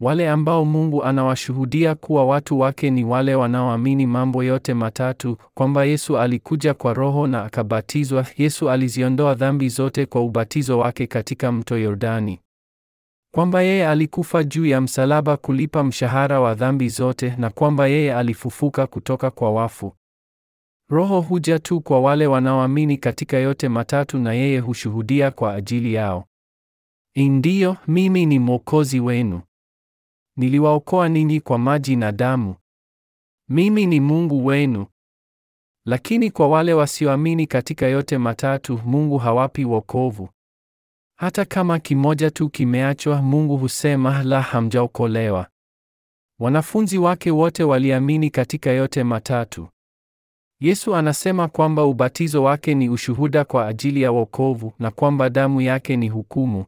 Wale ambao Mungu anawashuhudia kuwa watu wake ni wale wanaoamini mambo yote matatu, kwamba Yesu alikuja kwa Roho na akabatizwa, Yesu aliziondoa dhambi zote kwa ubatizo wake katika mto Yordani kwamba yeye alikufa juu ya msalaba kulipa mshahara wa dhambi zote na kwamba yeye alifufuka kutoka kwa wafu. Roho huja tu kwa wale wanaoamini katika yote matatu na yeye hushuhudia kwa ajili yao. Ndiyo, mimi ni Mwokozi wenu. Niliwaokoa ninyi kwa maji na damu. Mimi ni Mungu wenu. Lakini kwa wale wasioamini katika yote matatu, Mungu hawapi wokovu. Hata kama kimoja tu kimeachwa, Mungu husema la, hamjaokolewa. Wanafunzi wake wote waliamini katika yote matatu. Yesu anasema kwamba ubatizo wake ni ushuhuda kwa ajili ya wokovu na kwamba damu yake ni hukumu.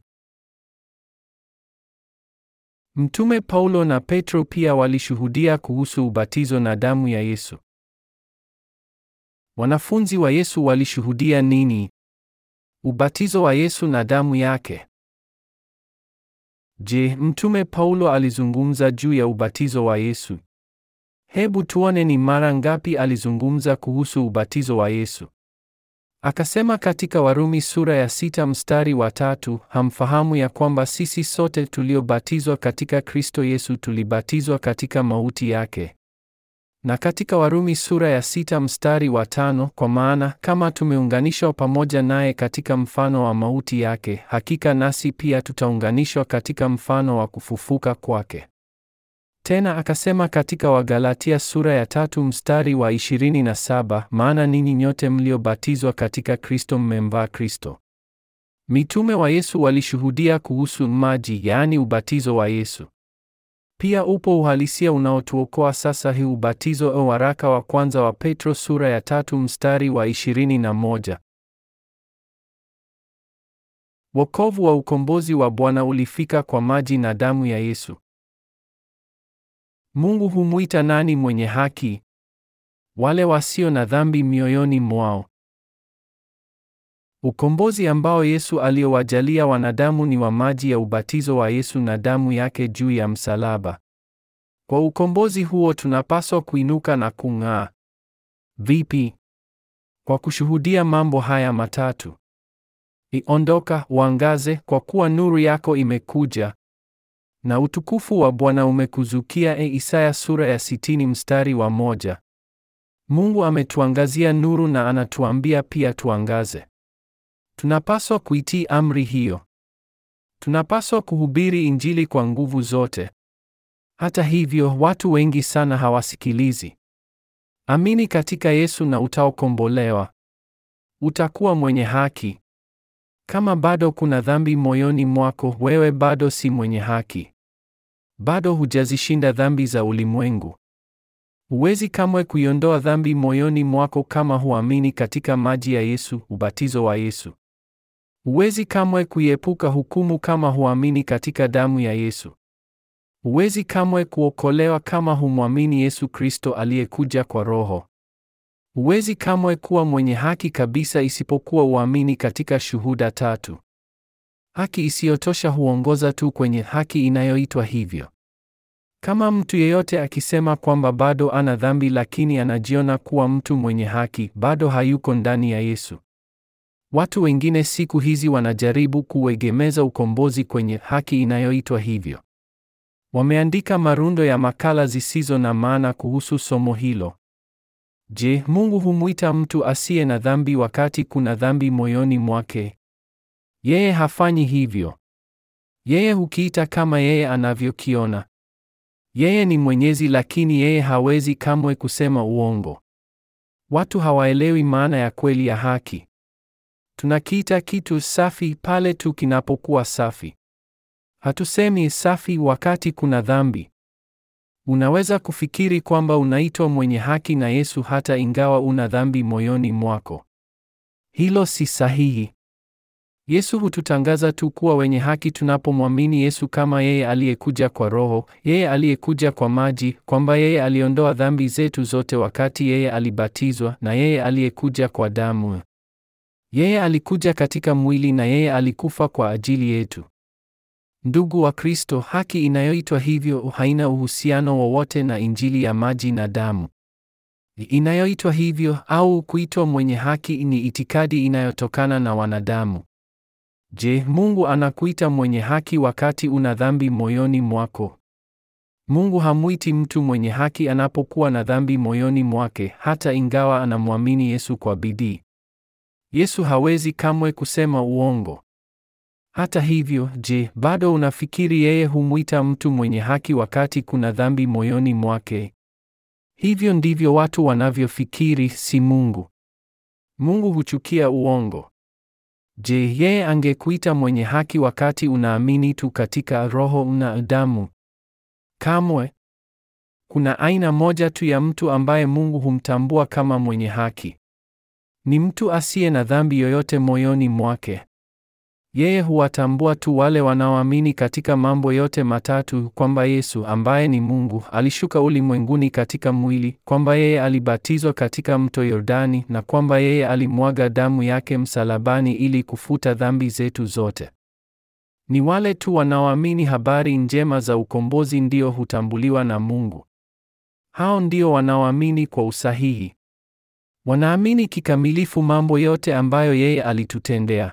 Mtume Paulo na Petro pia walishuhudia kuhusu ubatizo na damu ya Yesu. Wanafunzi wa Yesu walishuhudia nini? Ubatizo wa Yesu na damu yake. Je, Mtume Paulo alizungumza juu ya ubatizo wa Yesu? Hebu tuone ni mara ngapi alizungumza kuhusu ubatizo wa Yesu. Akasema katika Warumi sura ya sita mstari wa tatu, hamfahamu ya kwamba sisi sote tuliobatizwa katika Kristo Yesu tulibatizwa katika mauti yake, na katika Warumi sura ya sita mstari wa tano, kwa maana kama tumeunganishwa pamoja naye katika mfano wa mauti yake, hakika nasi pia tutaunganishwa katika mfano wa kufufuka kwake. Tena akasema katika Wagalatia sura ya tatu mstari wa 27, maana ninyi nyote mliobatizwa katika Kristo mmemvaa Kristo. Mitume wa Yesu walishuhudia kuhusu maji, yaani ubatizo wa Yesu. Pia upo uhalisia unaotuokoa sasa hii ubatizo au waraka wa kwanza wa Petro sura ya tatu mstari wa 21. Wokovu wa ukombozi wa Bwana ulifika kwa maji na damu ya Yesu. Mungu humwita nani mwenye haki? Wale wasio na dhambi mioyoni mwao. Ukombozi ambao Yesu aliowajalia wanadamu ni wa maji ya ubatizo wa Yesu na damu yake juu ya msalaba. Kwa ukombozi huo tunapaswa kuinuka na kung'aa. Vipi? Kwa kushuhudia mambo haya matatu. Iondoka, uangaze, kwa kuwa nuru yako imekuja na utukufu wa Bwana umekuzukia. E, Isaya sura ya sitini mstari wa moja. Mungu ametuangazia nuru na anatuambia pia tuangaze. Tunapaswa kuitii amri hiyo. Tunapaswa kuhubiri Injili kwa nguvu zote. Hata hivyo, watu wengi sana hawasikilizi. Amini katika Yesu na utaokombolewa. Utakuwa mwenye haki. Kama bado kuna dhambi moyoni mwako, wewe bado si mwenye haki. Bado hujazishinda dhambi za ulimwengu. Huwezi kamwe kuiondoa dhambi moyoni mwako kama huamini katika maji ya Yesu, ubatizo wa Yesu. Huwezi kamwe kuiepuka hukumu kama huamini katika damu ya Yesu. Huwezi kamwe kuokolewa kama humwamini Yesu Kristo aliyekuja kwa Roho. Huwezi kamwe kuwa mwenye haki kabisa isipokuwa uamini katika shuhuda tatu. Haki isiyotosha huongoza tu kwenye haki inayoitwa hivyo. Kama mtu yeyote akisema kwamba bado ana dhambi lakini anajiona kuwa mtu mwenye haki, bado hayuko ndani ya Yesu. Watu wengine siku hizi wanajaribu kuegemeza ukombozi kwenye haki inayoitwa hivyo. Wameandika marundo ya makala zisizo na maana kuhusu somo hilo. Je, Mungu humwita mtu asiye na dhambi wakati kuna dhambi moyoni mwake? Yeye hafanyi hivyo. Yeye hukiita kama yeye anavyokiona. Yeye ni mwenyezi, lakini yeye hawezi kamwe kusema uongo. Watu hawaelewi maana ya kweli ya haki. Tunakiita kitu safi pale tu kinapokuwa safi. Hatusemi safi wakati kuna dhambi. Unaweza kufikiri kwamba unaitwa mwenye haki na Yesu hata ingawa una dhambi moyoni mwako. Hilo si sahihi. Yesu hututangaza tu kuwa wenye haki tunapomwamini Yesu kama yeye aliyekuja kwa Roho, yeye aliyekuja kwa maji, kwamba yeye aliondoa dhambi zetu zote wakati yeye alibatizwa na yeye aliyekuja kwa damu. Yeye alikuja katika mwili na yeye alikufa kwa ajili yetu. Ndugu wa Kristo, haki inayoitwa hivyo haina uhusiano wowote na injili ya maji na damu. Inayoitwa hivyo au kuitwa mwenye haki ni itikadi inayotokana na wanadamu. Je, Mungu anakuita mwenye haki wakati una dhambi moyoni mwako? Mungu hamwiti mtu mwenye haki anapokuwa na dhambi moyoni mwake, hata ingawa anamwamini Yesu kwa bidii. Yesu hawezi kamwe kusema uongo. Hata hivyo, je, bado unafikiri yeye humwita mtu mwenye haki wakati kuna dhambi moyoni mwake? Hivyo ndivyo watu wanavyofikiri, si Mungu. Mungu huchukia uongo. Je, yeye angekuita mwenye haki wakati unaamini tu katika roho na damu? Kamwe. Kuna aina moja tu ya mtu ambaye Mungu humtambua kama mwenye haki. Ni mtu asiye na dhambi yoyote moyoni mwake. Yeye huwatambua tu wale wanaoamini katika mambo yote matatu kwamba Yesu ambaye ni Mungu alishuka ulimwenguni katika mwili, kwamba yeye alibatizwa katika mto Yordani na kwamba yeye alimwaga damu yake msalabani ili kufuta dhambi zetu zote. Ni wale tu wanaoamini habari njema za ukombozi ndio hutambuliwa na Mungu. Hao ndio wanaoamini kwa usahihi. Wanaamini kikamilifu mambo yote ambayo yeye alitutendea.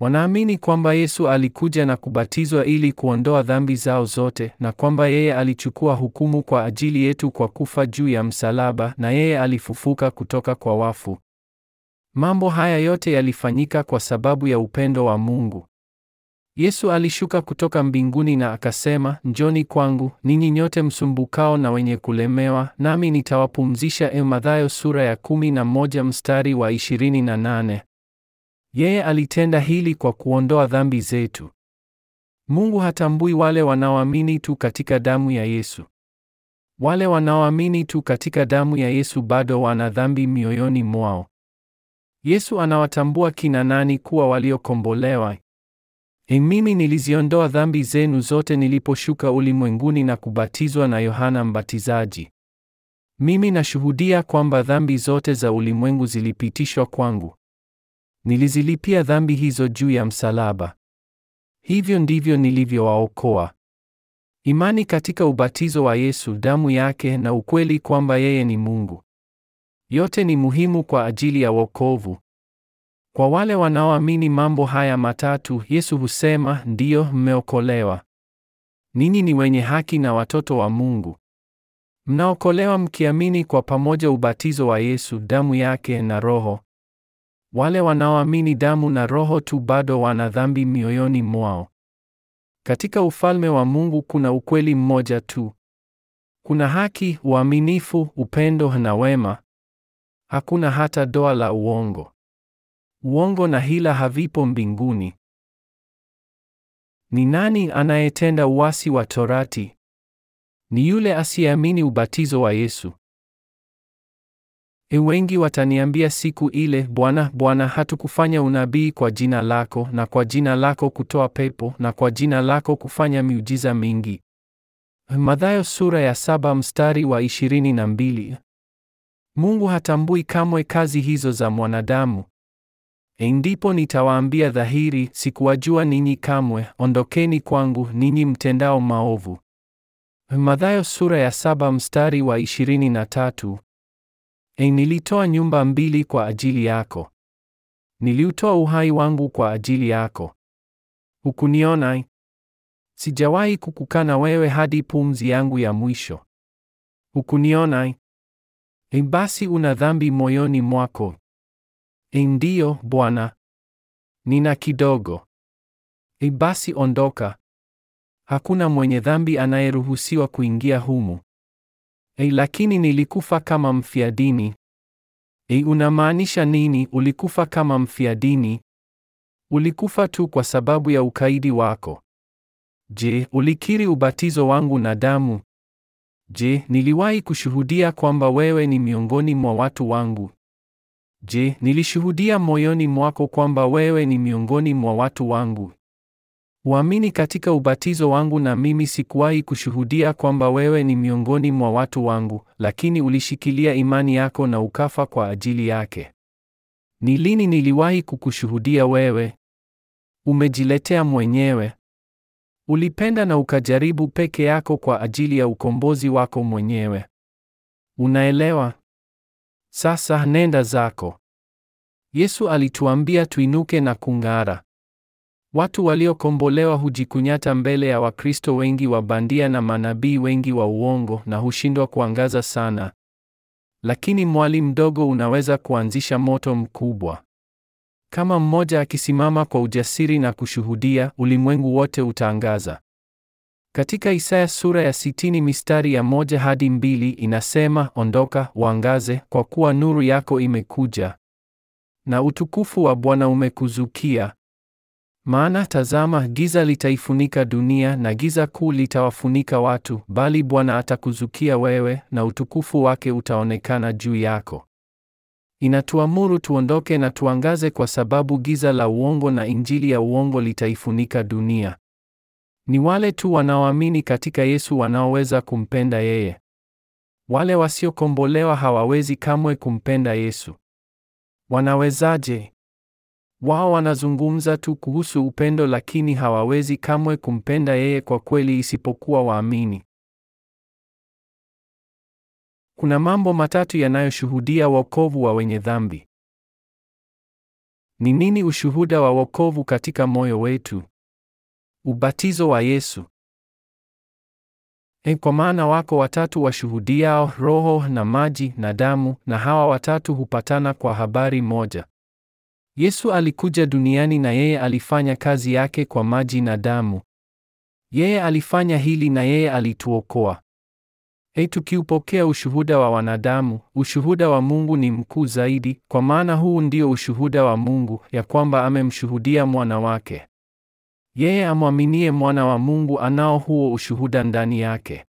Wanaamini kwamba Yesu alikuja na kubatizwa ili kuondoa dhambi zao zote na kwamba yeye alichukua hukumu kwa ajili yetu kwa kufa juu ya msalaba na yeye alifufuka kutoka kwa wafu. Mambo haya yote yalifanyika kwa sababu ya upendo wa Mungu. Yesu alishuka kutoka mbinguni na akasema, njoni kwangu ninyi nyote msumbukao na wenye kulemewa, nami nitawapumzisha. E, Mathayo sura ya 11 mstari wa 28. Yeye alitenda hili kwa kuondoa dhambi zetu. Mungu hatambui wale wanaoamini tu katika damu ya Yesu. Wale wanaoamini tu katika damu ya Yesu bado wana dhambi mioyoni mwao. Yesu anawatambua kina nani kuwa waliokombolewa? E, mimi niliziondoa dhambi zenu zote niliposhuka ulimwenguni na kubatizwa na Yohana Mbatizaji. Mimi nashuhudia kwamba dhambi zote za ulimwengu zilipitishwa kwangu. Nilizilipia dhambi hizo juu ya msalaba. Hivyo ndivyo nilivyowaokoa. Imani katika ubatizo wa Yesu, damu yake na ukweli kwamba yeye ni Mungu. Yote ni muhimu kwa ajili ya wokovu. Kwa wale wanaoamini mambo haya matatu, Yesu husema, ndiyo, mmeokolewa. Ninyi ni wenye haki na watoto wa Mungu. Mnaokolewa mkiamini kwa pamoja ubatizo wa Yesu, damu yake na Roho. Wale wanaoamini damu na Roho tu bado wana dhambi mioyoni mwao. Katika ufalme wa Mungu kuna ukweli mmoja tu. Kuna haki, uaminifu, upendo na wema. Hakuna hata doa la uongo. Uongo na hila havipo mbinguni. Ni nani anayetenda uasi wa Torati? Ni yule asiyeamini ubatizo wa Yesu. E, wengi wataniambia siku ile, Bwana, Bwana, hatukufanya unabii kwa jina lako, na kwa jina lako kutoa pepo, na kwa jina lako kufanya miujiza mingi? Mathayo sura ya saba mstari wa ishirini na mbili. Mungu hatambui kamwe kazi hizo za mwanadamu. E, ndipo nitawaambia dhahiri, sikuwajua ninyi kamwe, ondokeni kwangu ninyi mtendao maovu. Mathayo sura ya saba mstari wa tatu. E, nilitoa nyumba mbili kwa ajili yako, niliutoa uhai wangu kwa ajili yako, hukuniona, sijawahi kukukana wewe hadi pumzi yangu ya mwisho, hukuniona. E, basi una dhambi moyoni mwako ndiyo bwana, nina kidogo. E, basi ondoka. Hakuna mwenye dhambi anayeruhusiwa kuingia humu. E, lakini nilikufa kama mfiadini. dini. E, unamaanisha nini? Ulikufa kama mfiadini? dini? Ulikufa tu kwa sababu ya ukaidi wako. Je, ulikiri ubatizo wangu na damu? Je, niliwahi kushuhudia kwamba wewe ni miongoni mwa watu wangu? Je, nilishuhudia moyoni mwako kwamba wewe ni miongoni mwa watu wangu? Uamini katika ubatizo wangu na mimi sikuwahi kushuhudia kwamba wewe ni miongoni mwa watu wangu, lakini ulishikilia imani yako na ukafa kwa ajili yake. Ni lini niliwahi kukushuhudia wewe? Umejiletea mwenyewe. Ulipenda na ukajaribu peke yako kwa ajili ya ukombozi wako mwenyewe. Unaelewa? Sasa nenda zako. Yesu alituambia tuinuke na kung'ara. Watu waliokombolewa hujikunyata mbele ya Wakristo wengi wa bandia na manabii wengi wa uongo na hushindwa kuangaza sana. Lakini mwali mdogo unaweza kuanzisha moto mkubwa. Kama mmoja akisimama kwa ujasiri na kushuhudia, ulimwengu wote utaangaza. Katika Isaya sura ya sitini mistari ya moja hadi mbili inasema, ondoka uangaze, kwa kuwa nuru yako imekuja na utukufu wa Bwana umekuzukia. Maana tazama, giza litaifunika dunia na giza kuu litawafunika watu, bali Bwana atakuzukia wewe, na utukufu wake utaonekana juu yako. Inatuamuru tuondoke na tuangaze, kwa sababu giza la uongo na injili ya uongo litaifunika dunia. Ni wale tu wanaoamini katika Yesu wanaoweza kumpenda yeye. Wale wasiokombolewa hawawezi kamwe kumpenda Yesu. Wanawezaje? Wao wanazungumza tu kuhusu upendo lakini hawawezi kamwe kumpenda yeye kwa kweli isipokuwa waamini. Kuna mambo matatu yanayoshuhudia wokovu wa wenye dhambi. Ni nini ushuhuda wa wokovu katika moyo wetu? Ubatizo wa Yesu. E, kwa maana wako watatu washuhudiao, roho na maji na damu, na hawa watatu hupatana kwa habari moja. Yesu alikuja duniani na yeye alifanya kazi yake kwa maji na damu. Yeye alifanya hili na yeye alituokoa. E, tukiupokea ushuhuda wa wanadamu, ushuhuda wa Mungu ni mkuu zaidi, kwa maana huu ndio ushuhuda wa Mungu ya kwamba amemshuhudia mwana wake. Yeye amwaminie mwana wa Mungu anao huo ushuhuda ndani yake.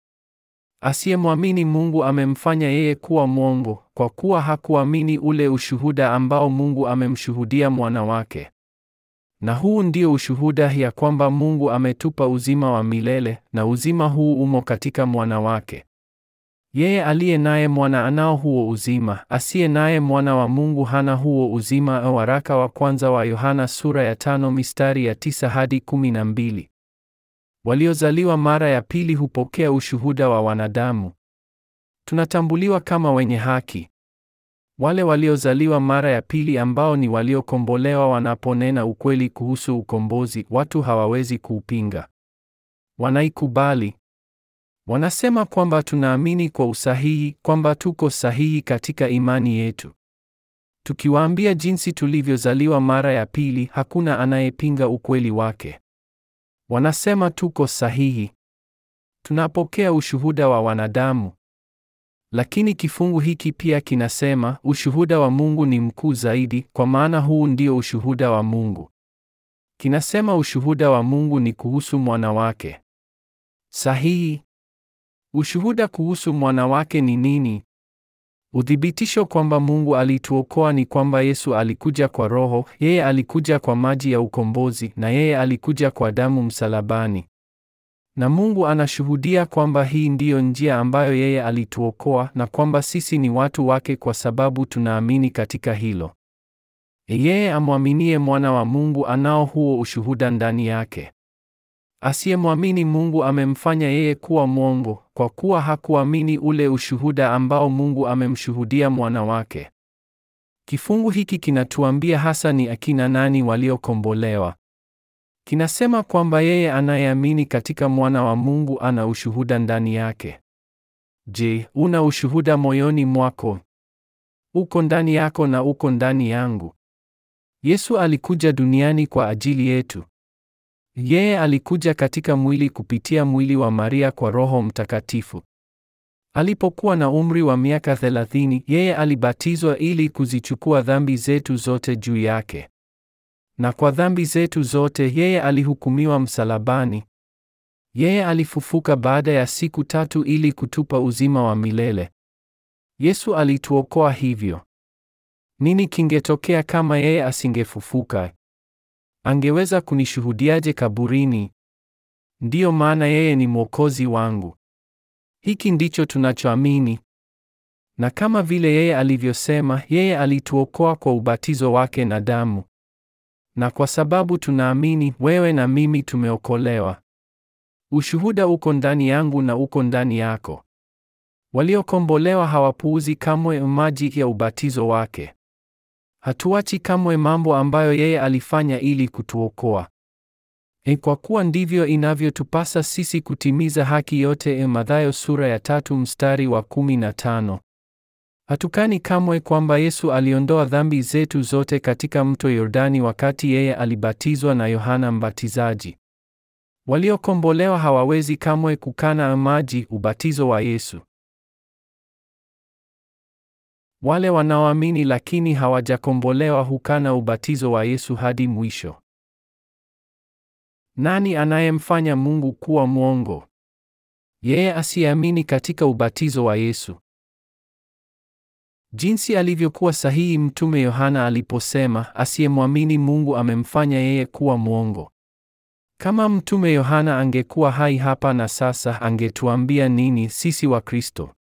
Asiyemwamini Mungu amemfanya yeye kuwa mwongo, kwa kuwa hakuamini ule ushuhuda ambao Mungu amemshuhudia mwana wake. Na huu ndio ushuhuda ya kwamba Mungu ametupa uzima wa milele, na uzima huu umo katika mwana wake. Yeye aliye naye mwana anao huo uzima, asiye naye mwana wa Mungu hana huo uzima. waraka wa kwanza wa Yohana sura ya tano mistari ya tisa hadi kumi na mbili. Waliozaliwa mara ya pili hupokea ushuhuda wa wanadamu. Tunatambuliwa kama wenye haki. Wale waliozaliwa mara ya pili ambao ni waliokombolewa wanaponena ukweli kuhusu ukombozi, watu hawawezi kuupinga. Wanaikubali. Wanasema kwamba tunaamini kwa usahihi kwamba tuko sahihi katika imani yetu. Tukiwaambia jinsi tulivyozaliwa mara ya pili, hakuna anayepinga ukweli wake. Wanasema tuko sahihi. Tunapokea ushuhuda wa wanadamu. Lakini kifungu hiki pia kinasema ushuhuda wa Mungu ni mkuu zaidi, kwa maana huu ndio ushuhuda wa Mungu. Kinasema ushuhuda wa Mungu ni kuhusu mwana wake. Sahihi. Ushuhuda kuhusu mwanawake ni nini? Uthibitisho kwamba Mungu alituokoa ni kwamba Yesu alikuja kwa Roho, yeye alikuja kwa maji ya ukombozi na yeye alikuja kwa damu msalabani. Na Mungu anashuhudia kwamba hii ndiyo njia ambayo yeye alituokoa na kwamba sisi ni watu wake kwa sababu tunaamini katika hilo. Yeye amwaminie mwana wa Mungu anao huo ushuhuda ndani yake. Asiyemwamini Mungu amemfanya yeye kuwa mwongo, kwa kuwa hakuamini ule ushuhuda ambao Mungu amemshuhudia mwana wake. Kifungu hiki kinatuambia hasa ni akina nani waliokombolewa. Kinasema kwamba yeye anayeamini katika mwana wa Mungu ana ushuhuda ndani yake. Je, una ushuhuda moyoni mwako? Uko ndani yako na uko ndani yangu. Yesu alikuja duniani kwa ajili yetu. Yeye alikuja katika mwili kupitia mwili wa Maria kwa Roho Mtakatifu. Alipokuwa na umri wa miaka 30, yeye alibatizwa ili kuzichukua dhambi zetu zote juu yake. Na kwa dhambi zetu zote yeye alihukumiwa msalabani. Yeye alifufuka baada ya siku tatu ili kutupa uzima wa milele. Yesu alituokoa hivyo. Nini kingetokea kama yeye asingefufuka? Angeweza kunishuhudiaje kaburini? Ndiyo maana yeye ni mwokozi wangu. Hiki ndicho tunachoamini. Na kama vile yeye alivyosema, yeye alituokoa kwa ubatizo wake na damu. Na kwa sababu tunaamini, wewe na mimi tumeokolewa. Ushuhuda uko ndani yangu na uko ndani yako. Waliokombolewa hawapuuzi kamwe maji ya ubatizo wake. Hatuachi kamwe mambo ambayo yeye alifanya ili kutuokoa. E, kwa kuwa ndivyo inavyotupasa sisi kutimiza haki yote. E, Mathayo sura ya tatu mstari wa 15. Hatukani kamwe kwamba Yesu aliondoa dhambi zetu zote katika mto Yordani wakati yeye alibatizwa na Yohana Mbatizaji. Waliokombolewa hawawezi kamwe kukana maji, ubatizo wa Yesu. Wale wanaoamini lakini hawajakombolewa hukana ubatizo wa Yesu hadi mwisho. Nani anayemfanya Mungu kuwa mwongo? Yeye asiyeamini katika ubatizo wa Yesu. Jinsi alivyokuwa sahihi Mtume Yohana aliposema, asiyemwamini Mungu amemfanya yeye kuwa mwongo. Kama Mtume Yohana angekuwa hai hapa na sasa, angetuambia nini sisi Wakristo?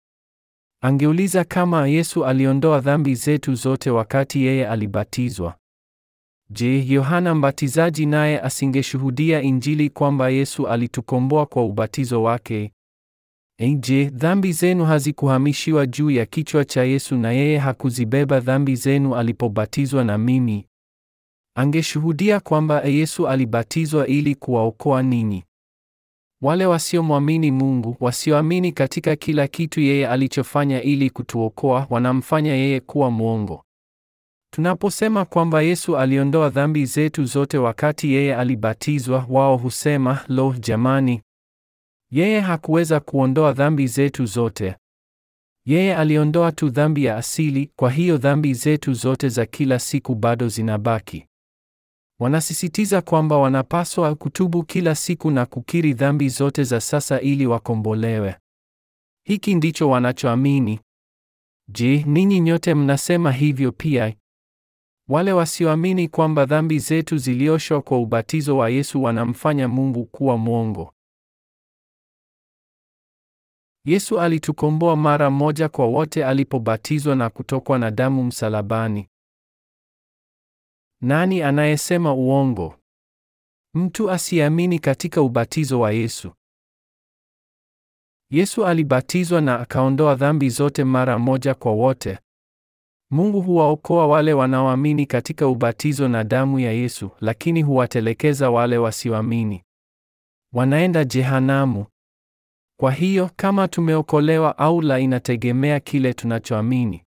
Angeuliza kama Yesu aliondoa dhambi zetu zote wakati yeye alibatizwa. Je, Yohana Mbatizaji naye asingeshuhudia Injili kwamba Yesu alitukomboa kwa ubatizo wake? Je, dhambi zenu hazikuhamishiwa juu ya kichwa cha Yesu na yeye hakuzibeba dhambi zenu alipobatizwa na mimi? Angeshuhudia kwamba Yesu alibatizwa ili kuwaokoa ninyi. Wale wasiomwamini Mungu, wasioamini katika kila kitu yeye alichofanya ili kutuokoa, wanamfanya yeye kuwa mwongo. Tunaposema kwamba Yesu aliondoa dhambi zetu zote wakati yeye alibatizwa, wao husema, "Lo, jamani, yeye hakuweza kuondoa dhambi zetu zote. Yeye aliondoa tu dhambi ya asili, kwa hiyo dhambi zetu zote za kila siku bado zinabaki." Wanasisitiza kwamba wanapaswa kutubu kila siku na kukiri dhambi zote za sasa ili wakombolewe. Hiki ndicho wanachoamini. Je, ninyi nyote mnasema hivyo pia? Wale wasioamini kwamba dhambi zetu zilioshwa kwa ubatizo wa Yesu wanamfanya Mungu kuwa mwongo. Yesu alitukomboa mara moja kwa wote alipobatizwa na kutokwa na damu msalabani. Nani anayesema uongo? Mtu asiamini katika ubatizo wa Yesu. Yesu alibatizwa na akaondoa dhambi zote mara moja kwa wote. Mungu huwaokoa wale wanaoamini katika ubatizo na damu ya Yesu, lakini huwatelekeza wale wasioamini. Wanaenda jehanamu. Kwa hiyo, kama tumeokolewa au la inategemea kile tunachoamini.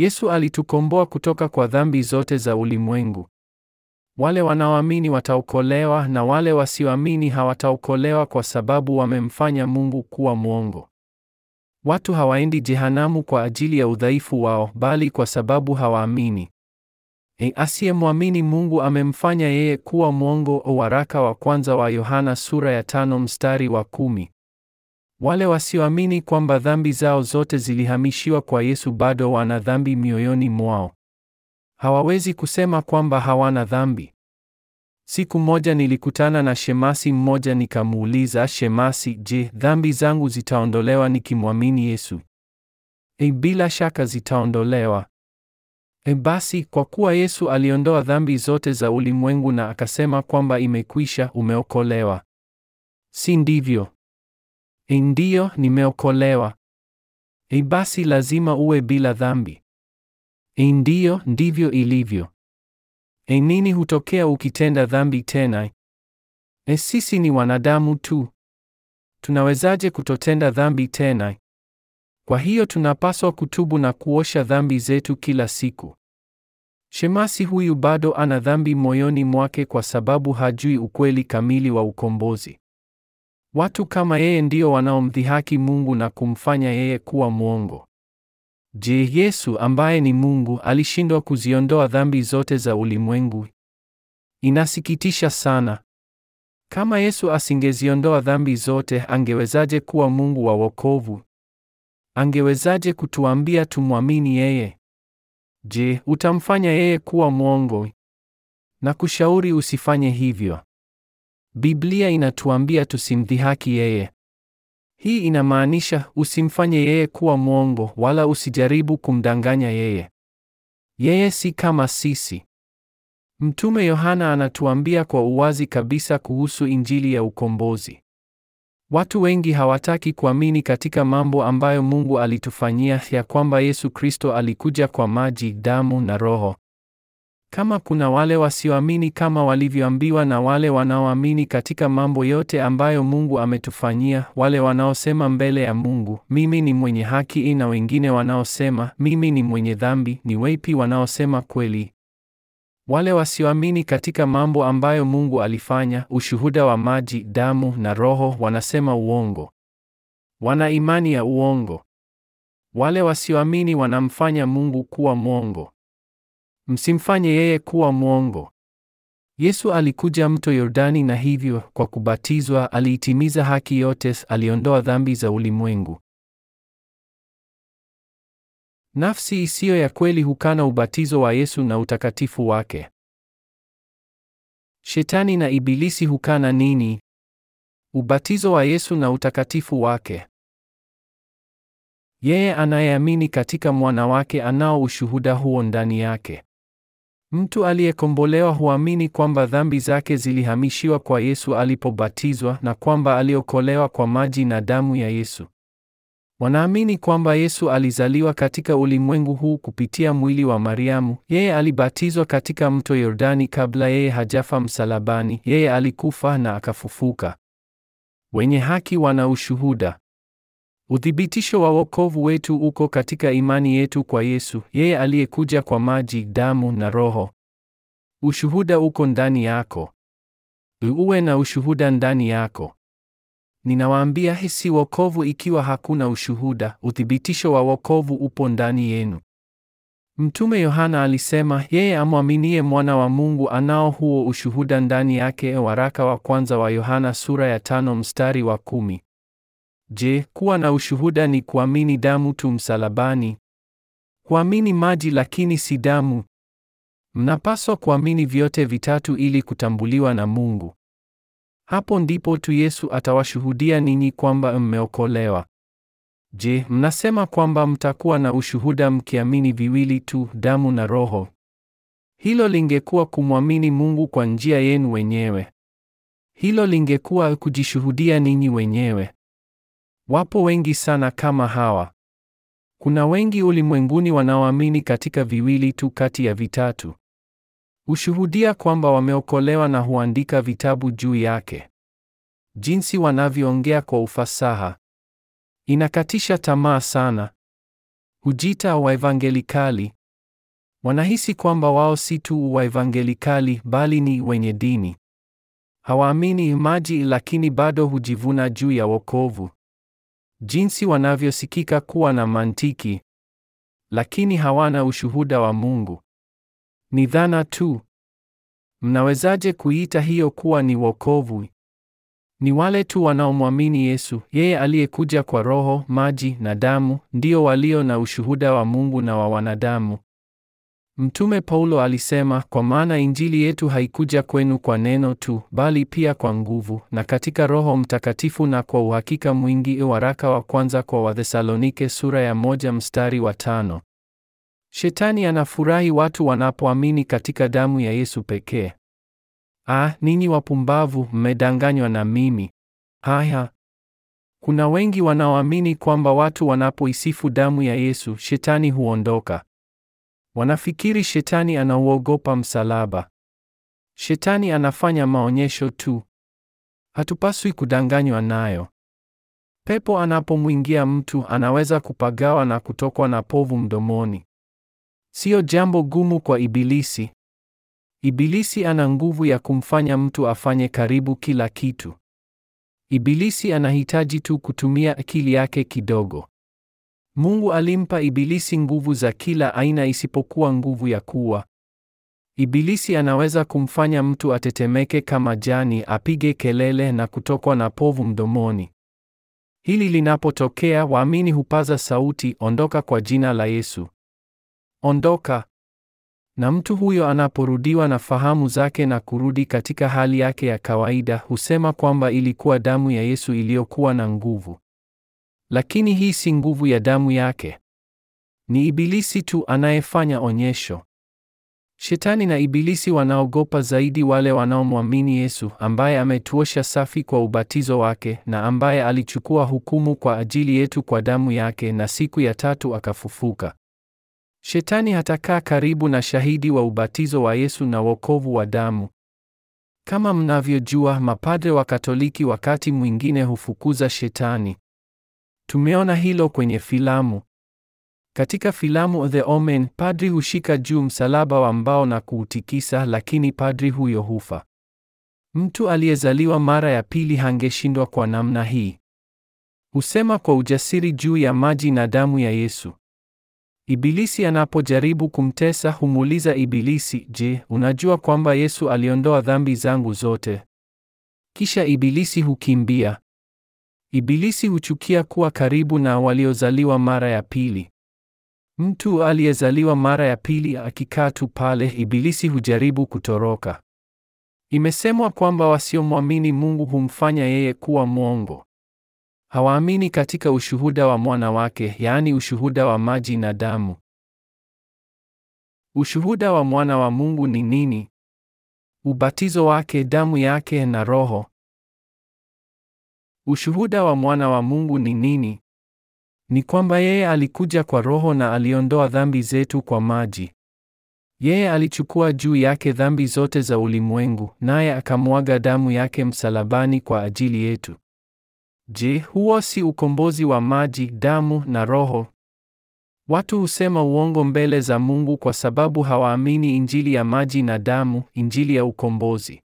Yesu alitukomboa kutoka kwa dhambi zote za ulimwengu. Wale wanaoamini wataokolewa na wale wasioamini hawataokolewa kwa sababu wamemfanya Mungu kuwa mwongo. Watu hawaendi jehanamu kwa ajili ya udhaifu wao bali kwa sababu hawaamini. E, asiyemwamini Mungu amemfanya yeye kuwa mwongo. Waraka wa kwanza wa Yohana sura ya tano mstari wa kumi. Wale wasioamini kwamba dhambi zao zote zilihamishiwa kwa Yesu bado wana dhambi mioyoni mwao. Hawawezi kusema kwamba hawana dhambi. Siku moja nilikutana na shemasi mmoja nikamuuliza, "Shemasi, je, dhambi zangu zitaondolewa nikimwamini Yesu?" E, bila shaka zitaondolewa. E, basi kwa kuwa Yesu aliondoa dhambi zote za ulimwengu na akasema kwamba imekwisha, umeokolewa. Si ndivyo? E, ndiyo nimeokolewa. E, basi lazima uwe bila dhambi. E, ndiyo ndivyo ilivyo. E, nini hutokea ukitenda dhambi tena? E, sisi ni wanadamu tu. Tunawezaje kutotenda dhambi tena? Kwa hiyo tunapaswa kutubu na kuosha dhambi zetu kila siku. Shemasi huyu bado ana dhambi moyoni mwake kwa sababu hajui ukweli kamili wa ukombozi. Watu kama yeye ndio wanaomdhihaki Mungu na kumfanya yeye kuwa mwongo. Je, Yesu ambaye ni Mungu alishindwa kuziondoa dhambi zote za ulimwengu? Inasikitisha sana. Kama Yesu asingeziondoa dhambi zote, angewezaje kuwa Mungu wa wokovu? Angewezaje kutuambia tumwamini yeye? Je, utamfanya yeye kuwa mwongo? Nakushauri usifanye hivyo. Biblia inatuambia tusimdhihaki yeye. Hii inamaanisha usimfanye yeye kuwa mwongo wala usijaribu kumdanganya yeye. Yeye si kama sisi. Mtume Yohana anatuambia kwa uwazi kabisa kuhusu Injili ya ukombozi. Watu wengi hawataki kuamini katika mambo ambayo Mungu alitufanyia ya kwamba Yesu Kristo alikuja kwa maji, damu na Roho kama kuna wale wasioamini kama walivyoambiwa na wale wanaoamini katika mambo yote ambayo Mungu ametufanyia, wale wanaosema mbele ya Mungu, mimi ni mwenye haki, na wengine wanaosema mimi ni mwenye dhambi, ni wepi wanaosema kweli? Wale wasioamini katika mambo ambayo Mungu alifanya, ushuhuda wa maji, damu na roho, wanasema uongo. Wana imani ya uongo. Wale wasioamini wanamfanya Mungu kuwa mwongo. Msimfanye yeye kuwa mwongo. Yesu alikuja mto Yordani na hivyo kwa kubatizwa aliitimiza haki yote, aliondoa dhambi za ulimwengu. Nafsi isiyo ya kweli hukana ubatizo wa Yesu na utakatifu wake. Shetani na Ibilisi hukana nini? Ubatizo wa Yesu na utakatifu wake. Yeye anayeamini katika mwana wake anao ushuhuda huo ndani yake. Mtu aliyekombolewa huamini kwamba dhambi zake zilihamishiwa kwa Yesu alipobatizwa na kwamba aliokolewa kwa maji na damu ya Yesu. Wanaamini kwamba Yesu alizaliwa katika ulimwengu huu kupitia mwili wa Mariamu. Yeye alibatizwa katika mto Yordani kabla yeye hajafa msalabani. Yeye alikufa na akafufuka. Wenye haki wana ushuhuda. Uthibitisho wa wokovu wetu uko katika imani yetu kwa Yesu, yeye aliyekuja kwa maji, damu na Roho. Ushuhuda uko ndani yako. Uwe na ushuhuda ndani yako. Ninawaambia, hisi wokovu ikiwa hakuna ushuhuda. Uthibitisho wa wokovu upo ndani yenu. Mtume Yohana alisema, yeye amwaminie mwana wa Mungu anao huo ushuhuda ndani yake. Waraka wa kwanza wa Yohana sura ya tano mstari wa kumi. Je, kuwa na ushuhuda ni kuamini damu tu msalabani? Kuamini maji lakini si damu? Mnapaswa kuamini vyote vitatu ili kutambuliwa na Mungu. Hapo ndipo tu Yesu atawashuhudia ninyi kwamba mmeokolewa. Je, mnasema kwamba mtakuwa na ushuhuda mkiamini viwili tu, damu na roho? Hilo lingekuwa kumwamini Mungu kwa njia yenu wenyewe. Hilo lingekuwa kujishuhudia ninyi wenyewe. Wapo wengi sana kama hawa. Kuna wengi ulimwenguni wanaoamini katika viwili tu kati ya vitatu. Hushuhudia kwamba wameokolewa na huandika vitabu juu yake. Jinsi wanavyoongea kwa ufasaha inakatisha tamaa sana. hujita waevangelikali. Wanahisi kwamba wao si tu waevangelikali bali ni wenye dini. Hawaamini maji lakini bado hujivuna juu ya wokovu jinsi wanavyosikika kuwa na mantiki, lakini hawana ushuhuda wa Mungu. Ni dhana tu. Mnawezaje kuita hiyo kuwa ni wokovu? Ni wale tu wanaomwamini Yesu, yeye aliyekuja kwa roho, maji na damu, ndio walio na ushuhuda wa Mungu na wa wanadamu. Mtume Paulo alisema, kwa maana injili yetu haikuja kwenu kwa neno tu, bali pia kwa nguvu na katika Roho Mtakatifu na kwa uhakika mwingi. E waraka wa kwanza kwa Wathesalonike sura ya moja mstari wa tano. Shetani anafurahi watu wanapoamini katika damu ya Yesu pekee. Ah, ninyi wapumbavu, mmedanganywa na mimi. Haya, kuna wengi wanaoamini kwamba watu wanapoisifu damu ya Yesu, shetani huondoka. Wanafikiri shetani anauogopa msalaba. Shetani anafanya maonyesho tu. Hatupaswi kudanganywa nayo. Pepo anapomwingia mtu anaweza kupagawa na kutokwa na povu mdomoni. Sio jambo gumu kwa Ibilisi. Ibilisi ana nguvu ya kumfanya mtu afanye karibu kila kitu. Ibilisi anahitaji tu kutumia akili yake kidogo. Mungu alimpa Ibilisi nguvu za kila aina isipokuwa nguvu ya kuwa. Ibilisi anaweza kumfanya mtu atetemeke kama jani, apige kelele na kutokwa na povu mdomoni. Hili linapotokea, waamini hupaza sauti, ondoka kwa jina la Yesu. Ondoka. Na mtu huyo anaporudiwa na fahamu zake na kurudi katika hali yake ya kawaida, husema kwamba ilikuwa damu ya Yesu iliyokuwa na nguvu. Lakini hii si nguvu ya damu yake. Ni Ibilisi tu anayefanya onyesho. Shetani na Ibilisi wanaogopa zaidi wale wanaomwamini Yesu ambaye ametuosha safi kwa ubatizo wake na ambaye alichukua hukumu kwa ajili yetu kwa damu yake na siku ya tatu akafufuka. Shetani hatakaa karibu na shahidi wa ubatizo wa Yesu na wokovu wa damu. Kama mnavyojua, mapadre wa Katoliki wakati mwingine hufukuza shetani. Tumeona hilo kwenye filamu. Katika filamu The Omen, padri hushika juu msalaba wa mbao na kuutikisa, lakini padri huyo hufa. Mtu aliyezaliwa mara ya pili hangeshindwa kwa namna hii. Husema kwa ujasiri juu ya maji na damu ya Yesu. Ibilisi anapojaribu kumtesa humuuliza Ibilisi, "Je, unajua kwamba Yesu aliondoa dhambi zangu zote?" Kisha Ibilisi hukimbia. Ibilisi huchukia kuwa karibu na waliozaliwa mara ya pili. Mtu aliyezaliwa mara ya pili akikaa tu pale, ibilisi hujaribu kutoroka. Imesemwa kwamba wasiomwamini Mungu humfanya yeye kuwa mwongo. Hawaamini katika ushuhuda wa mwana wake, yaani ushuhuda wa maji na damu. Ushuhuda wa mwana wa Mungu ni nini? Ubatizo wake, damu yake na Roho. Ushuhuda wa mwana wa Mungu ni nini? Ni kwamba yeye alikuja kwa Roho na aliondoa dhambi zetu kwa maji. Yeye alichukua juu yake dhambi zote za ulimwengu, naye akamwaga damu yake msalabani kwa ajili yetu. Je, huo si ukombozi wa maji, damu na Roho? Watu husema uongo mbele za Mungu kwa sababu hawaamini injili ya maji na damu, injili ya ukombozi.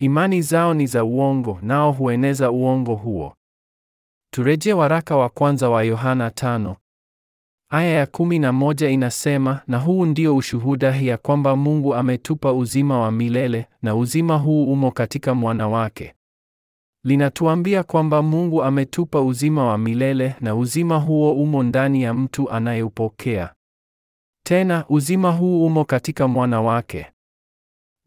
Imani zao ni za uongo, nao hueneza uongo huo. Turejee waraka wa kwanza wa Yohana tano aya ya kumi na moja inasema, na huu ndio ushuhuda ya kwamba Mungu ametupa uzima wa milele, na uzima huu umo katika mwana wake. Linatuambia kwamba Mungu ametupa uzima wa milele, na uzima huo umo ndani ya mtu anayeupokea. Tena uzima huu umo katika mwana wake.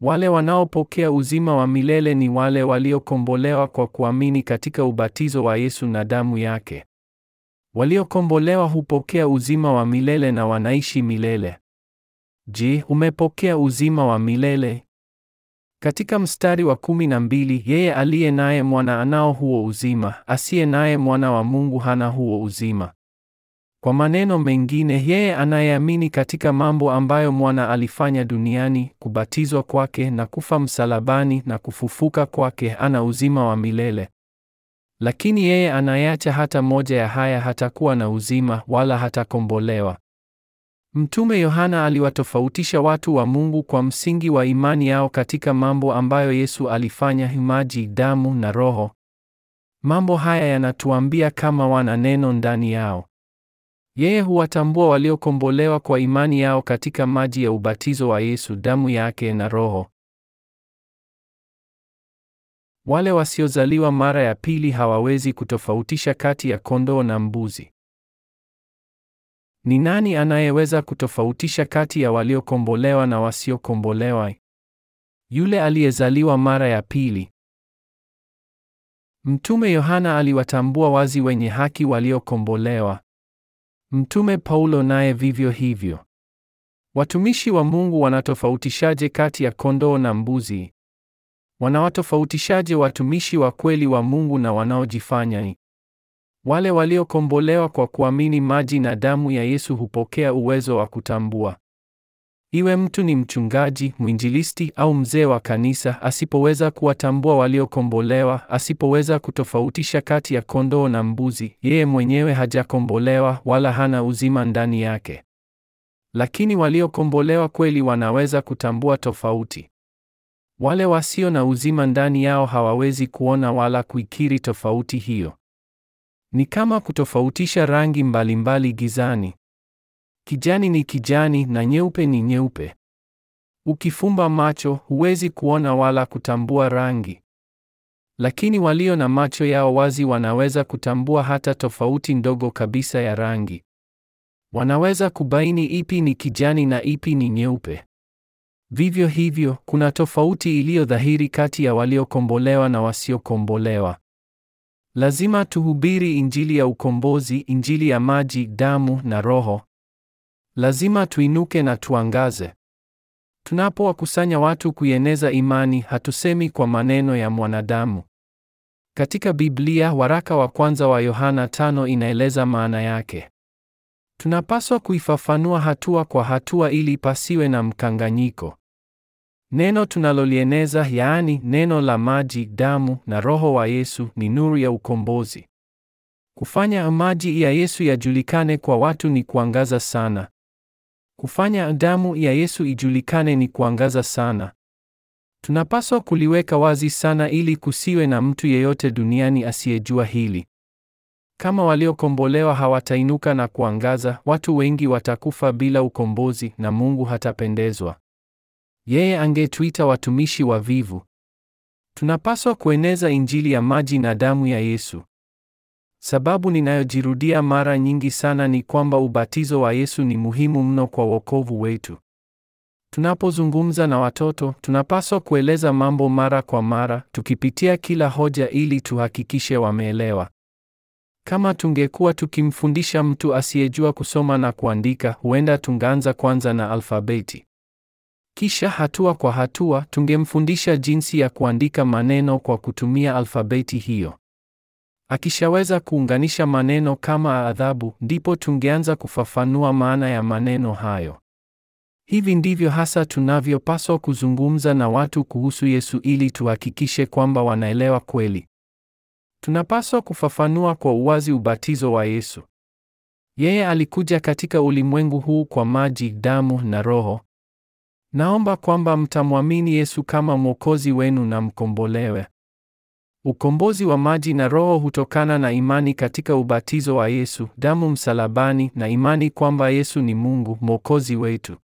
Wale wanaopokea uzima wa milele ni wale waliokombolewa kwa kuamini katika ubatizo wa Yesu na damu yake. Waliokombolewa hupokea uzima wa milele na wanaishi milele. Je, umepokea uzima wa milele? Katika mstari wa kumi na mbili, yeye aliye naye mwana anao huo uzima, asiye naye mwana wa Mungu hana huo uzima. Kwa maneno mengine, yeye anayeamini katika mambo ambayo mwana alifanya duniani, kubatizwa kwake na kufa msalabani na kufufuka kwake, ana uzima wa milele. Lakini yeye anayeacha hata moja ya haya hatakuwa na uzima wala hatakombolewa. Mtume Yohana aliwatofautisha watu wa Mungu kwa msingi wa imani yao katika mambo ambayo Yesu alifanya: maji, damu na Roho. Mambo haya yanatuambia kama wana neno ndani yao. Yeye huwatambua waliokombolewa kwa imani yao katika maji ya ubatizo wa Yesu, damu yake na Roho. Wale wasiozaliwa mara ya pili hawawezi kutofautisha kati ya kondoo na mbuzi. Ni nani anayeweza kutofautisha kati ya waliokombolewa na wasiokombolewa? Yule aliyezaliwa mara ya pili. Mtume Yohana aliwatambua wazi wenye haki waliokombolewa. Mtume Paulo naye vivyo hivyo. Watumishi wa Mungu wanatofautishaje kati ya kondoo na mbuzi? Wanawatofautishaje watumishi wa kweli wa Mungu na wanaojifanya ni? Wale waliokombolewa kwa kuamini maji na damu ya Yesu hupokea uwezo wa kutambua Iwe mtu ni mchungaji, mwinjilisti au mzee wa kanisa, asipoweza kuwatambua waliokombolewa, asipoweza kutofautisha kati ya kondoo na mbuzi, yeye mwenyewe hajakombolewa wala hana uzima ndani yake. Lakini waliokombolewa kweli wanaweza kutambua tofauti. Wale wasio na uzima ndani yao hawawezi kuona wala kuikiri tofauti hiyo. Ni kama kutofautisha rangi mbalimbali gizani. Kijani ni kijani na nyeupe ni nyeupe. Ukifumba macho huwezi kuona wala kutambua rangi. Lakini walio na macho yao wazi wanaweza kutambua hata tofauti ndogo kabisa ya rangi. Wanaweza kubaini ipi ni kijani na ipi ni nyeupe. Vivyo hivyo, kuna tofauti iliyo dhahiri kati ya waliokombolewa na wasiokombolewa. Lazima tuhubiri injili ya ukombozi, injili ya maji, damu na Roho, Lazima tuinuke na tuangaze. Tunapowakusanya watu kuieneza imani, hatusemi kwa maneno ya mwanadamu. Katika Biblia, waraka wa kwanza wa Yohana tano inaeleza maana yake. Tunapaswa kuifafanua hatua kwa hatua ili pasiwe na mkanganyiko. Neno tunalolieneza, yaani neno la maji, damu na roho wa Yesu, ni nuru ya ukombozi. Kufanya maji ya Yesu yajulikane kwa watu ni kuangaza sana, Kufanya damu ya Yesu ijulikane ni kuangaza sana. Tunapaswa kuliweka wazi sana ili kusiwe na mtu yeyote duniani asiyejua hili. Kama waliokombolewa hawatainuka na kuangaza, watu wengi watakufa bila ukombozi na Mungu hatapendezwa. Yeye angetuita watumishi wavivu. Tunapaswa kueneza injili ya maji na damu ya Yesu. Sababu ninayojirudia mara nyingi sana ni kwamba ubatizo wa Yesu ni muhimu mno kwa wokovu wetu. Tunapozungumza na watoto, tunapaswa kueleza mambo mara kwa mara, tukipitia kila hoja ili tuhakikishe wameelewa. Kama tungekuwa tukimfundisha mtu asiyejua kusoma na kuandika, huenda tungeanza kwanza na alfabeti. Kisha hatua kwa hatua tungemfundisha jinsi ya kuandika maneno kwa kutumia alfabeti hiyo. Akishaweza kuunganisha maneno kama adhabu, ndipo tungeanza kufafanua maana ya maneno hayo. Hivi ndivyo hasa tunavyopaswa kuzungumza na watu kuhusu Yesu ili tuhakikishe kwamba wanaelewa kweli. Tunapaswa kufafanua kwa uwazi ubatizo wa Yesu. Yeye alikuja katika ulimwengu huu kwa maji, damu na Roho. Naomba kwamba mtamwamini Yesu kama Mwokozi wenu na mkombolewe. Ukombozi wa maji na Roho hutokana na imani katika ubatizo wa Yesu, damu msalabani na imani kwamba Yesu ni Mungu Mwokozi wetu.